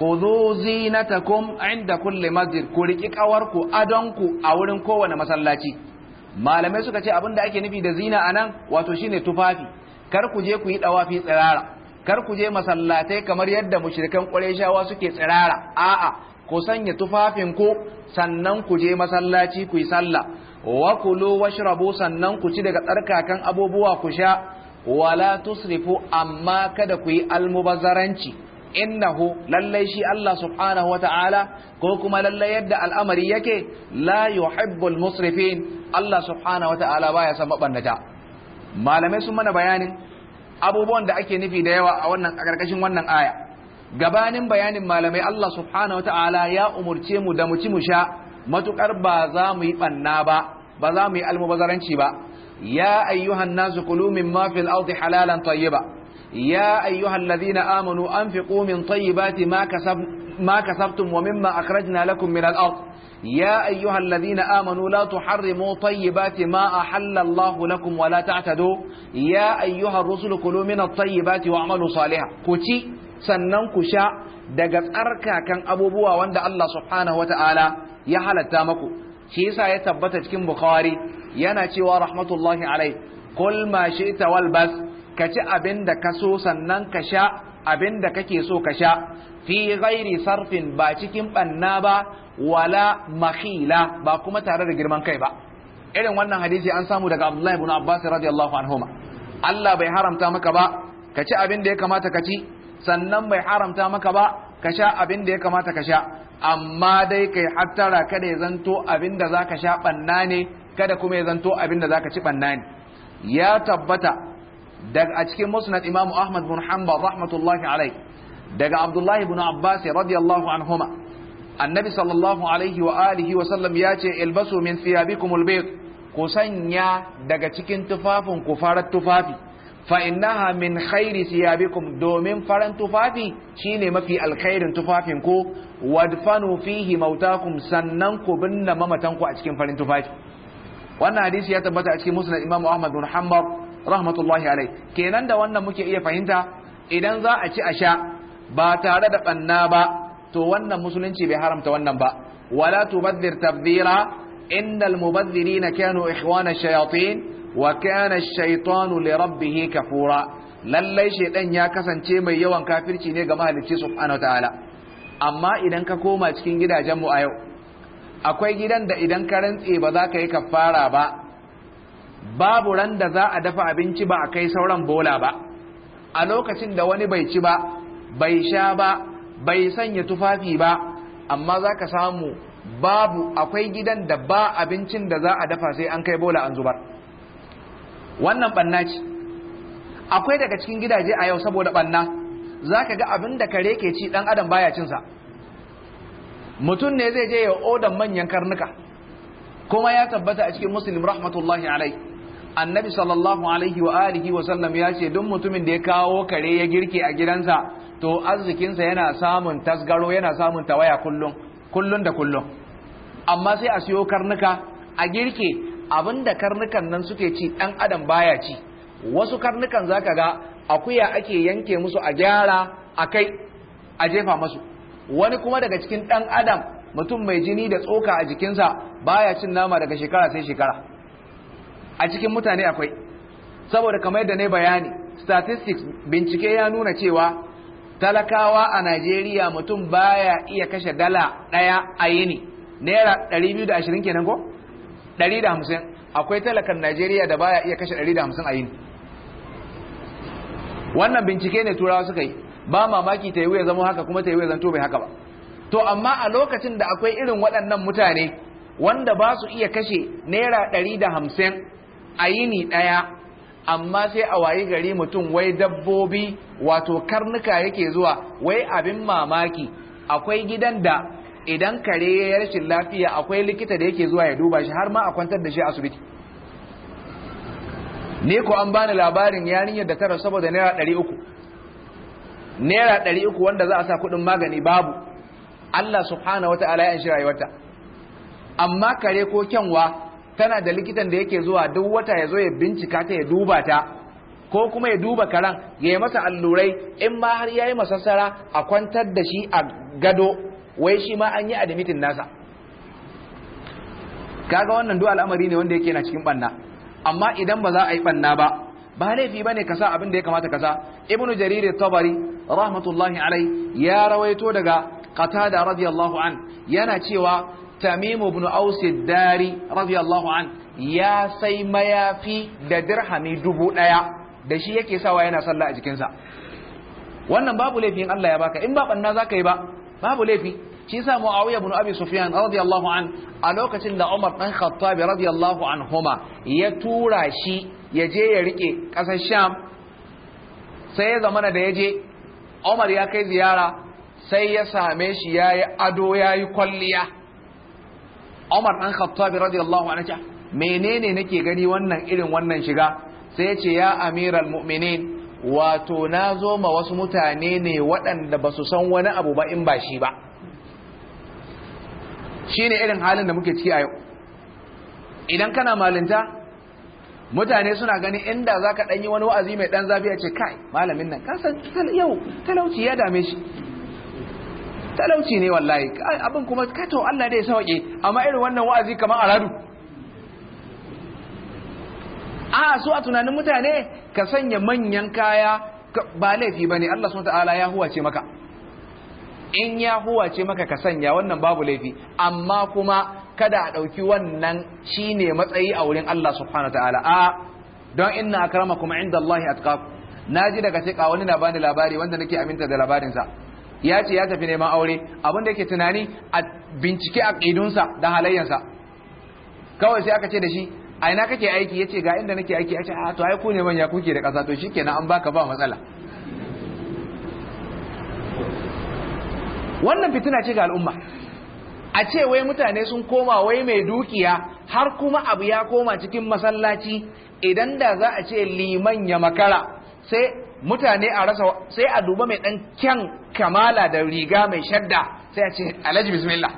khudhu zinatakum inda kulli masjid ku riƙi ƙawarku adonku a wurin kowane masallaci malamai suka ce abin da ake nufi da zina anan wato shine tufafi kar ku je ku yi dawafi tsirara kar ku je masallatai kamar yadda mushrikan qurayshawa suke tsirara a'a ku sanya tufafin ku sannan ku je masallaci ku yi sallah wa kulu washrabu sannan ku ci daga tsarkakan abubuwa ku sha wala tusrifu amma kada ku yi almubazzaranci innahu lallai shi Allah subhanahu wata'ala ko kuma lallai yadda al'amari yake la yuhibbul musrifin Allah subhanahu wata'ala baya san mabannata malamai sun mana bayanin abubuwan da ake nufi da yawa a wannan a karkashin wannan aya gabanin bayanin malamai Allah wa ta'ala ya umurce mu da mu ci mu sha matuƙar ba za mu yi banna ba ba za mu yi almubazaranci ba ya ayyuhan nasu kulu mimma fil halalan tayyiba ya ayyuhan ladina amanu anfiqu min tayyibati ma kasab ma kasabtum wa mimma akhrajna lakum min al-ard يا أيها الذين آمنوا لا تحرموا طيبات ما أحل الله لكم ولا تعتدوا يا أيها الرسل كلوا من الطيبات Saliha. صالحا كتي sannan ku sha daga tsarkakan abubuwa wanda Allah subhanahu wata'ala ya halatta maku shi yasa ya tabbata cikin bukhari yana cewa rahmatullahi alai kul ma shi'ta wal bas ka ci abin da ka so sannan ka sha abin da kake so ka sha fi ghairi sarfin ba cikin banna ba wala makhila ba kuma tare da girman kai ba irin wannan hadisi an samu daga Abdullahi ibn Abbas radiyallahu anhuma Allah bai haramta maka ba ka ci abin da ya kamata ka ci sannan bai haramta maka ba ka sha abin da ya kamata ka sha amma dai kai hattara kada ya zanto abin da zaka sha banna ne kada kuma ya zanto abin da zaka ci banna ne ya tabbata daga a cikin musnad Imam Ahmad bin Hanbal rahmatullahi alaihi daga abdullahi ibn abbas radiyallahu anhuma annabi sallallahu alaihi wa alihi wa sallam ya ce ilbasu min thiyabikum albayt ku sanya daga cikin tufafin ku farar tufafi fa innaha min khairi thiyabikum domin farin tufafi shine mafi alkhairin tufafin ku wadfanu fihi mautakum sannan ku binne mamatan ku a cikin farin tufafi wannan hadisi ya tabbata a cikin musnad imamu ahmad bin hanbal rahmatullahi alaihi. kenan da wannan muke iya fahimta idan za a ci a sha ba tare da ɓanna ba to wannan musulunci bai haramta wannan ba wala tubaddir tabdira innal mubaddirina kanu ikhwana shayatin wa kana ash-shaytanu li rabbih kafura lallai shaidan ya kasance mai yawan kafirci ne ga mahalicci subhanahu taala amma idan ka koma cikin gidajen mu a yau akwai gidan da idan ka rantse ba za ka yi kafara ba babu ran da za a dafa abinci ba a kai sauran bola ba a lokacin da wani bai ci ba bai sha ba bai sanya tufafi ba amma za ka samu babu akwai gidan da ba abincin da za a dafa sai an kai bola an zubar wannan banna ce akwai daga cikin gidaje a yau saboda banna za ka ga abin da kare ke ci dan adam baya cinsa mutum ne zai je ya odan manyan karnuka kuma ya tabbata a cikin muslim rahmatullahi alai annabi sallallahu alaihi wa alihi wa sallam ya ce duk mutumin da ya kawo kare ya girke a gidansa to arzikinsa yana samun tasgaro yana samun tawaya kullum kullum da kullum amma sai a siyo karnuka a girke abinda karnukan nan suke ci dan adam baya ci wasu karnukan zaka ga akuya ake yanke musu a gyara a kai a jefa musu wani kuma daga cikin dan adam mutum mai jini da tsoka a jikinsa baya cin nama daga shekara sai shekara a cikin mutane akwai saboda kamar yadda ne bayani statistics bincike ya nuna cewa talakawa a Najeriya mutum baya iya kashe dala ɗaya a yini naira 220 kenan ko 150 akwai talakan Najeriya da baya iya kashe 150 a yini wannan bincike ne turawa suka yi ba mamaki ta yiwu ya zama haka kuma ta yiwu ya zanto bai haka ba to amma a lokacin da akwai irin waɗannan mutane wanda ba su iya kashe naira 150 a yini ɗaya amma sai a wayi gari mutum wai dabbobi wato karnuka yake zuwa wai abin mamaki akwai gidan da idan kare ya rashin lafiya akwai likita da yake zuwa ya duba shi har ma a kwantar da shi asibiti ne ko an bani labarin yarinyar da tara saboda naira ɗari uku naira ɗari uku wanda za a sa kuɗin magani babu Allah subhanahu wata'ala ya shi rayuwarta amma kare ko kyanwa tana da likitan da yake zuwa duk wata ya zo ya bincika ta ya duba ta ko kuma ya duba karan ya yi masa allurai in ma har ya yi masassara a kwantar da shi a gado wai shi ma an yi admitin nasa kaga wannan duk al'amari ne wanda yake na cikin banna amma idan ba za a yi banna ba ba laifi ba ne kasa abin da ya kamata kasa ibnu jarir tabari rahmatullahi alai ya rawaito daga qatada radiyallahu an yana cewa tamimu ibn Ausi dari radiyallahu an ya sai mayafi da dirhami dubu daya da shi yake sawa yana sallah a jikinsa wannan babu laifi Allah ya baka in ba banna zaka yi ba babu laifi shi sa Muawiya ibn Abi Sufyan radiyallahu an a lokacin da Umar dan Khattab radiyallahu huma ya tura shi ya je ya rike kasar Sham sai ya zamana da ya je Umar ya kai ziyara sai ya same shi yayi ado yayi kwalliya Umar dan Khattabi radiyallahu anhu menene nake gani wannan irin wannan shiga sai ya ce ya amiral mu'minin wato na zo ma wasu mutane ne waɗanda ba su san wani abu ba in ba shi ba shi ne irin halin da muke ciki a yau idan kana malinta mutane suna gani inda za ka ɗanyi wani wa'azi mai ɗan zafi a ce kai malamin nan kasan yau talauci ya dame shi talauci ne wallahi abin kuma kato Allah dai sauke amma irin wannan wa'azi kamar aradu a so a tunanin mutane ka sanya manyan kaya ba laifi bane Allah subhanahu wataala ya huwace maka in ya huwace maka ka sanya wannan babu laifi amma kuma kada a ɗauki wannan shine matsayi a wurin Allah subhanahu wataala a don inna akramakum inda Allah atqakum naji daga ka wani na bani labari wanda nake aminta da sa ya ce ya tafi neman aure abin da yake tunani a bincike a ƙidunsa da halayyansa kawai sai aka ce da shi a ina kake aiki Ya ce ga inda nake aiki ya ce a ah, to ai ku ne manya kuke da kasa to shi na an baka ba matsala wannan fitina ce ga al'umma a ce wai mutane sun koma wai mai dukiya har kuma abu ya koma cikin masallaci idan da za a ce liman ya makara sai mutane a rasa sai a duba mai ɗan kyan kamala da riga mai shadda sai a ce alhaji bismillah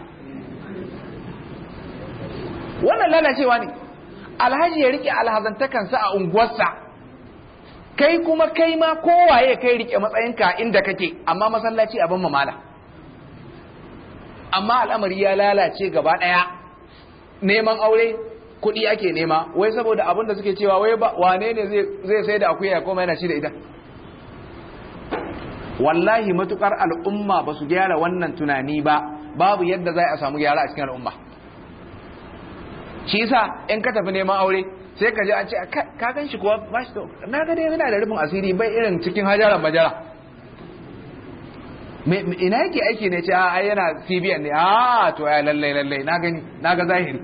wannan lalacewa ne alhaji ya rike alhazantakansa a unguwarsa kai kuma kai ma kowaye kai rike matsayinka inda kake amma masallaci abin mamala amma al'amari ya lalace gaba daya neman aure kuɗi ake nema wai saboda abin da suke cewa wai wane ne zai sai da akuya ya koma yana shi da ita wallahi matukar al'umma ba su gyara wannan tunani ba babu yadda za a samu gyara a cikin al'umma shi yasa in ka tafi neman aure sai ka ji an ce ka gan shi kuwa ba shi na ga dai yana da rufin asiri bai irin cikin hajara majara ina yake aiki ne ce a ah, yana cbn ne a ah, to ya lallai lallai na gani na ga zahiri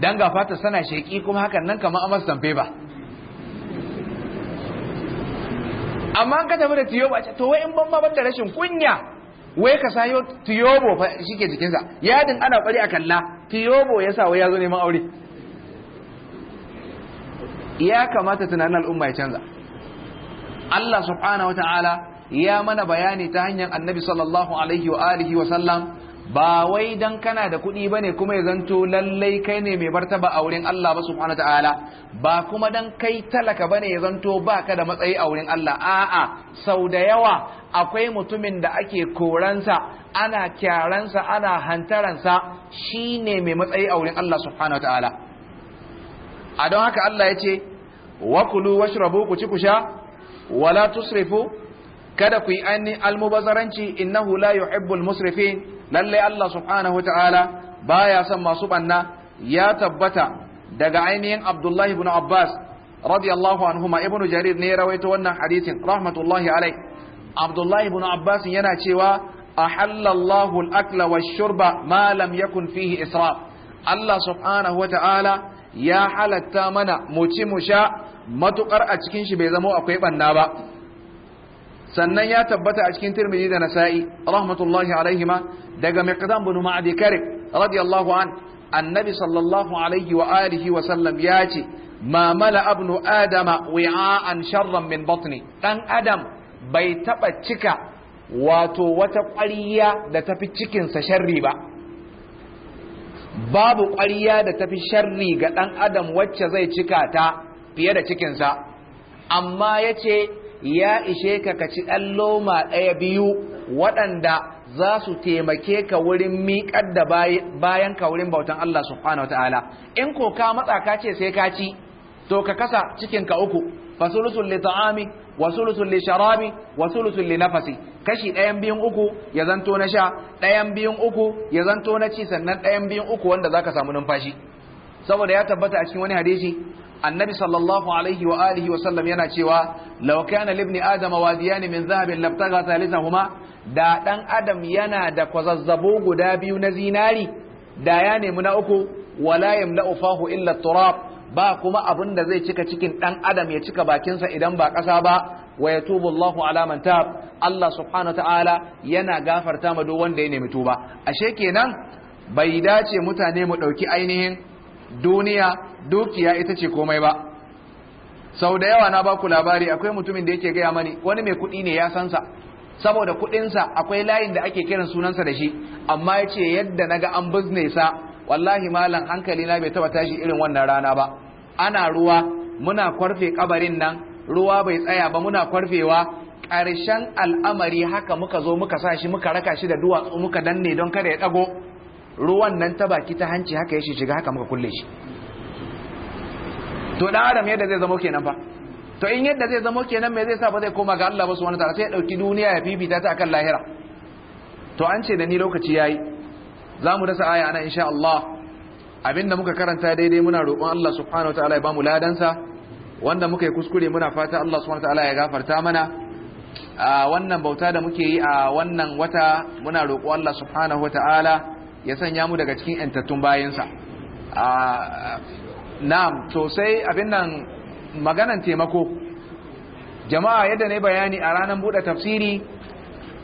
dan ga fata sana sheki kuma hakan nan kamar amar sanfe ba amma ka tafi da tiyobo a ce to wai in ban ma da rashin kunya wai ka sayo tiyobo fa shike jikinsa yadin ana bari a kalla tiyobo ya sa wai ya zo neman aure ya kamata tunanin al'umma ya canza Allah subhanahu Ta'ala ya mana bayani ta hanyar annabi sallallahu alaihi wa alihi wa sallam ba wai dan kana da kuɗi bane kuma ya zanto lallai kai ne mai martaba a wurin Allah ba subhanahu ta'ala ba kuma dan kai talaka bane ya zanto baka da matsayi a wurin Allah a'a sau da yawa akwai mutumin da ake koransa ana kyaransa ana hantaransa shi ne mai matsayi a wurin Allah subhanahu ta'ala a don haka Allah ya ce wa kulu washrabu ku ci ku sha wala tusrifu kada ku yi ainihin almubazaranci innahu la yuhibbul musrifin lallai Allah subhanahu ta'ala baya son masu banna ya tabbata daga ainihin Abdullahi ibn Abbas radiyallahu anhuma ibn Jarir ne ya rawaito wannan hadisin rahmatullahi alai Abdullahi ibn Abbas yana cewa a al-akla wa shurba ma lam yakun fihi Allah subhanahu ta'ala ya halatta mana mu ci mu sha matuƙar a cikin shi bai zamo akwai banna ba sannan ya tabbata a cikin tirmidhi da nasa'i rahmatullahi alaihima daga miqdam bin ma'adi karik radiyallahu an annabi sallallahu alaihi wa alihi wa sallam ya ce ma mala abnu adama wi'a'an sharran min batni dan adam bai taba cika wato wata ƙwariya da tafi cikinsa sharri ba babu ƙwariya da tafi sharri ga dan adam wacce zai cika ta fiye da cikinsa amma yace ya ishe ka ka ci ɗan loma ɗaya biyu waɗanda za su taimake ka wurin miƙar da bayan ka wurin bautan Allah subhanahu wata'ala in ko ka matsa ka ce sai ka ci to ka kasa cikin ka uku fasulusun li ta'ami wa sulusun li sharabi wa sulusun li nafasi kashi ɗayan biyun uku ya zanto na sha ɗayan biyun uku ya zanto na ci sannan ɗayan biyun uku wanda za ka samu numfashi saboda ya tabbata a cikin wani hadisi annabi sallallahu alaihi wa alihi wa sallam yana cewa law kana libni adama wadiyan min zahabin labtaga thalithahuma da dan adam yana da kwazazzabo guda biyu na zinari da ya nemi na uku wala yamla'u fahu illa turab ba kuma abin da zai cika cikin dan adam ya cika bakinsa idan ba ƙasa ba wa yatubu Allahu ala man tab Allah subhanahu ta'ala yana gafarta ma duk wanda ya nemi tuba ashe kenan bai dace mutane mu dauki ainihin duniya dukiya ita ce komai ba sau da yawa na ba ku labari akwai mutumin da yake gaya mani wani mai kuɗi ne ya sansa saboda kuɗinsa akwai layin da ake kiran sunansa da shi amma ya ce yadda na ga an biznesa wallahi malam hankali na bai taba tashi irin wannan rana ba ana ruwa muna kwarfe kabarin nan ruwa bai tsaya ba muna kwarfewa ƙarshen al'amari haka muka zo muka sa shi muka raka shi da duwatsu muka danne don kada ya ɗago ruwan nan ta baki ta hanci haka ya shiga haka muka kulle shi to da adam yadda zai zama kenan fa to in yadda zai zama kenan me zai sa ba zai koma ga Allah ba subhanahu wataala sai ya dauki duniya ya fifita ta akan lahira to an ce da ni lokaci yayi zamu dasa aya ana insha Allah abinda muka karanta daidai muna roƙon Allah subhanahu wataala ya bamu ladansa wanda muka yi kuskure muna fata Allah subhanahu wataala ya gafarta mana a wannan bauta da muke yi a wannan wata muna roƙo Allah subhanahu wataala ya sanya mu daga cikin yantattun bayansa na'am to sai abin nan maganan taimako jama'a yadda ne bayani a ranar buɗe tafsiri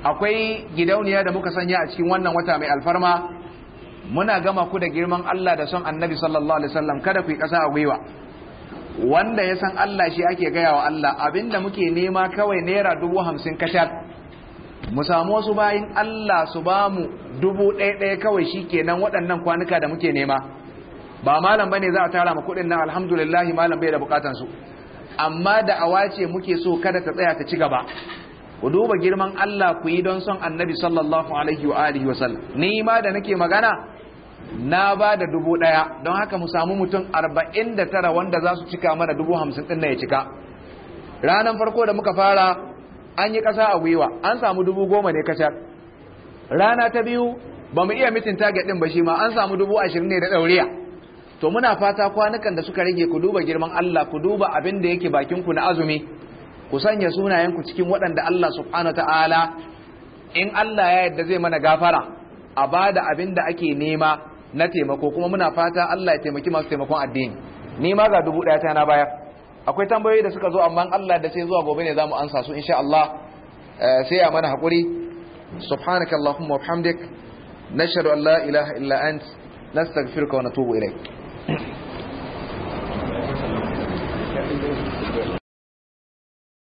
akwai gidauniya da muka sanya a cikin wannan wata mai alfarma muna gama ku da girman Allah da son annabi sallallahu alaihi wasallam kada ku yi ƙasa a gwiwa wanda ya san Allah shi ake gaya wa Allah abinda muke nema kawai naira dubu hamsin kashar mu samu wasu bayin Allah su ba mu dubu ɗaya ɗaya kawai shi kenan waɗannan kwanuka da muke nema ba malam bane za a tara ma kuɗin nan alhamdulillah malam bai da bukatan su amma da a wace muke so kada ta tsaya ta ci gaba ku duba girman Allah ku yi don son annabi sallallahu alaihi wa alihi wa ni ma da nake magana na ba da dubu ɗaya don haka mu samu mutum arba'in da tara wanda za su cika mana dubu hamsin ɗin na ya cika ranar farko da muka fara an yi ƙasa a gwiwa an samu dubu goma ne kacar rana ta biyu ba mu iya mitin target din ba shi ma an samu dubu ashirin ne da ɗauriya to muna fata kwanukan da suka rage ku duba girman Allah ku duba abin da yake bakin ku na azumi ku sanya sunayen ku cikin waɗanda Allah subhanahu ta'ala in Allah ya yarda zai mana gafara a bada abin da ake nema na taimako kuma muna fata Allah ya taimaki masu taimakon addini ni ma ga dubu ɗaya ta baya akwai tambayoyi da suka zo amma Allah da sai zuwa gobe ne zamu ansa su insha Allah eh, sai ya mana hakuri subhanakallahumma wa bihamdik nashhadu an la ilaha illa anta نستغفرك ونتوب إليك Thank you.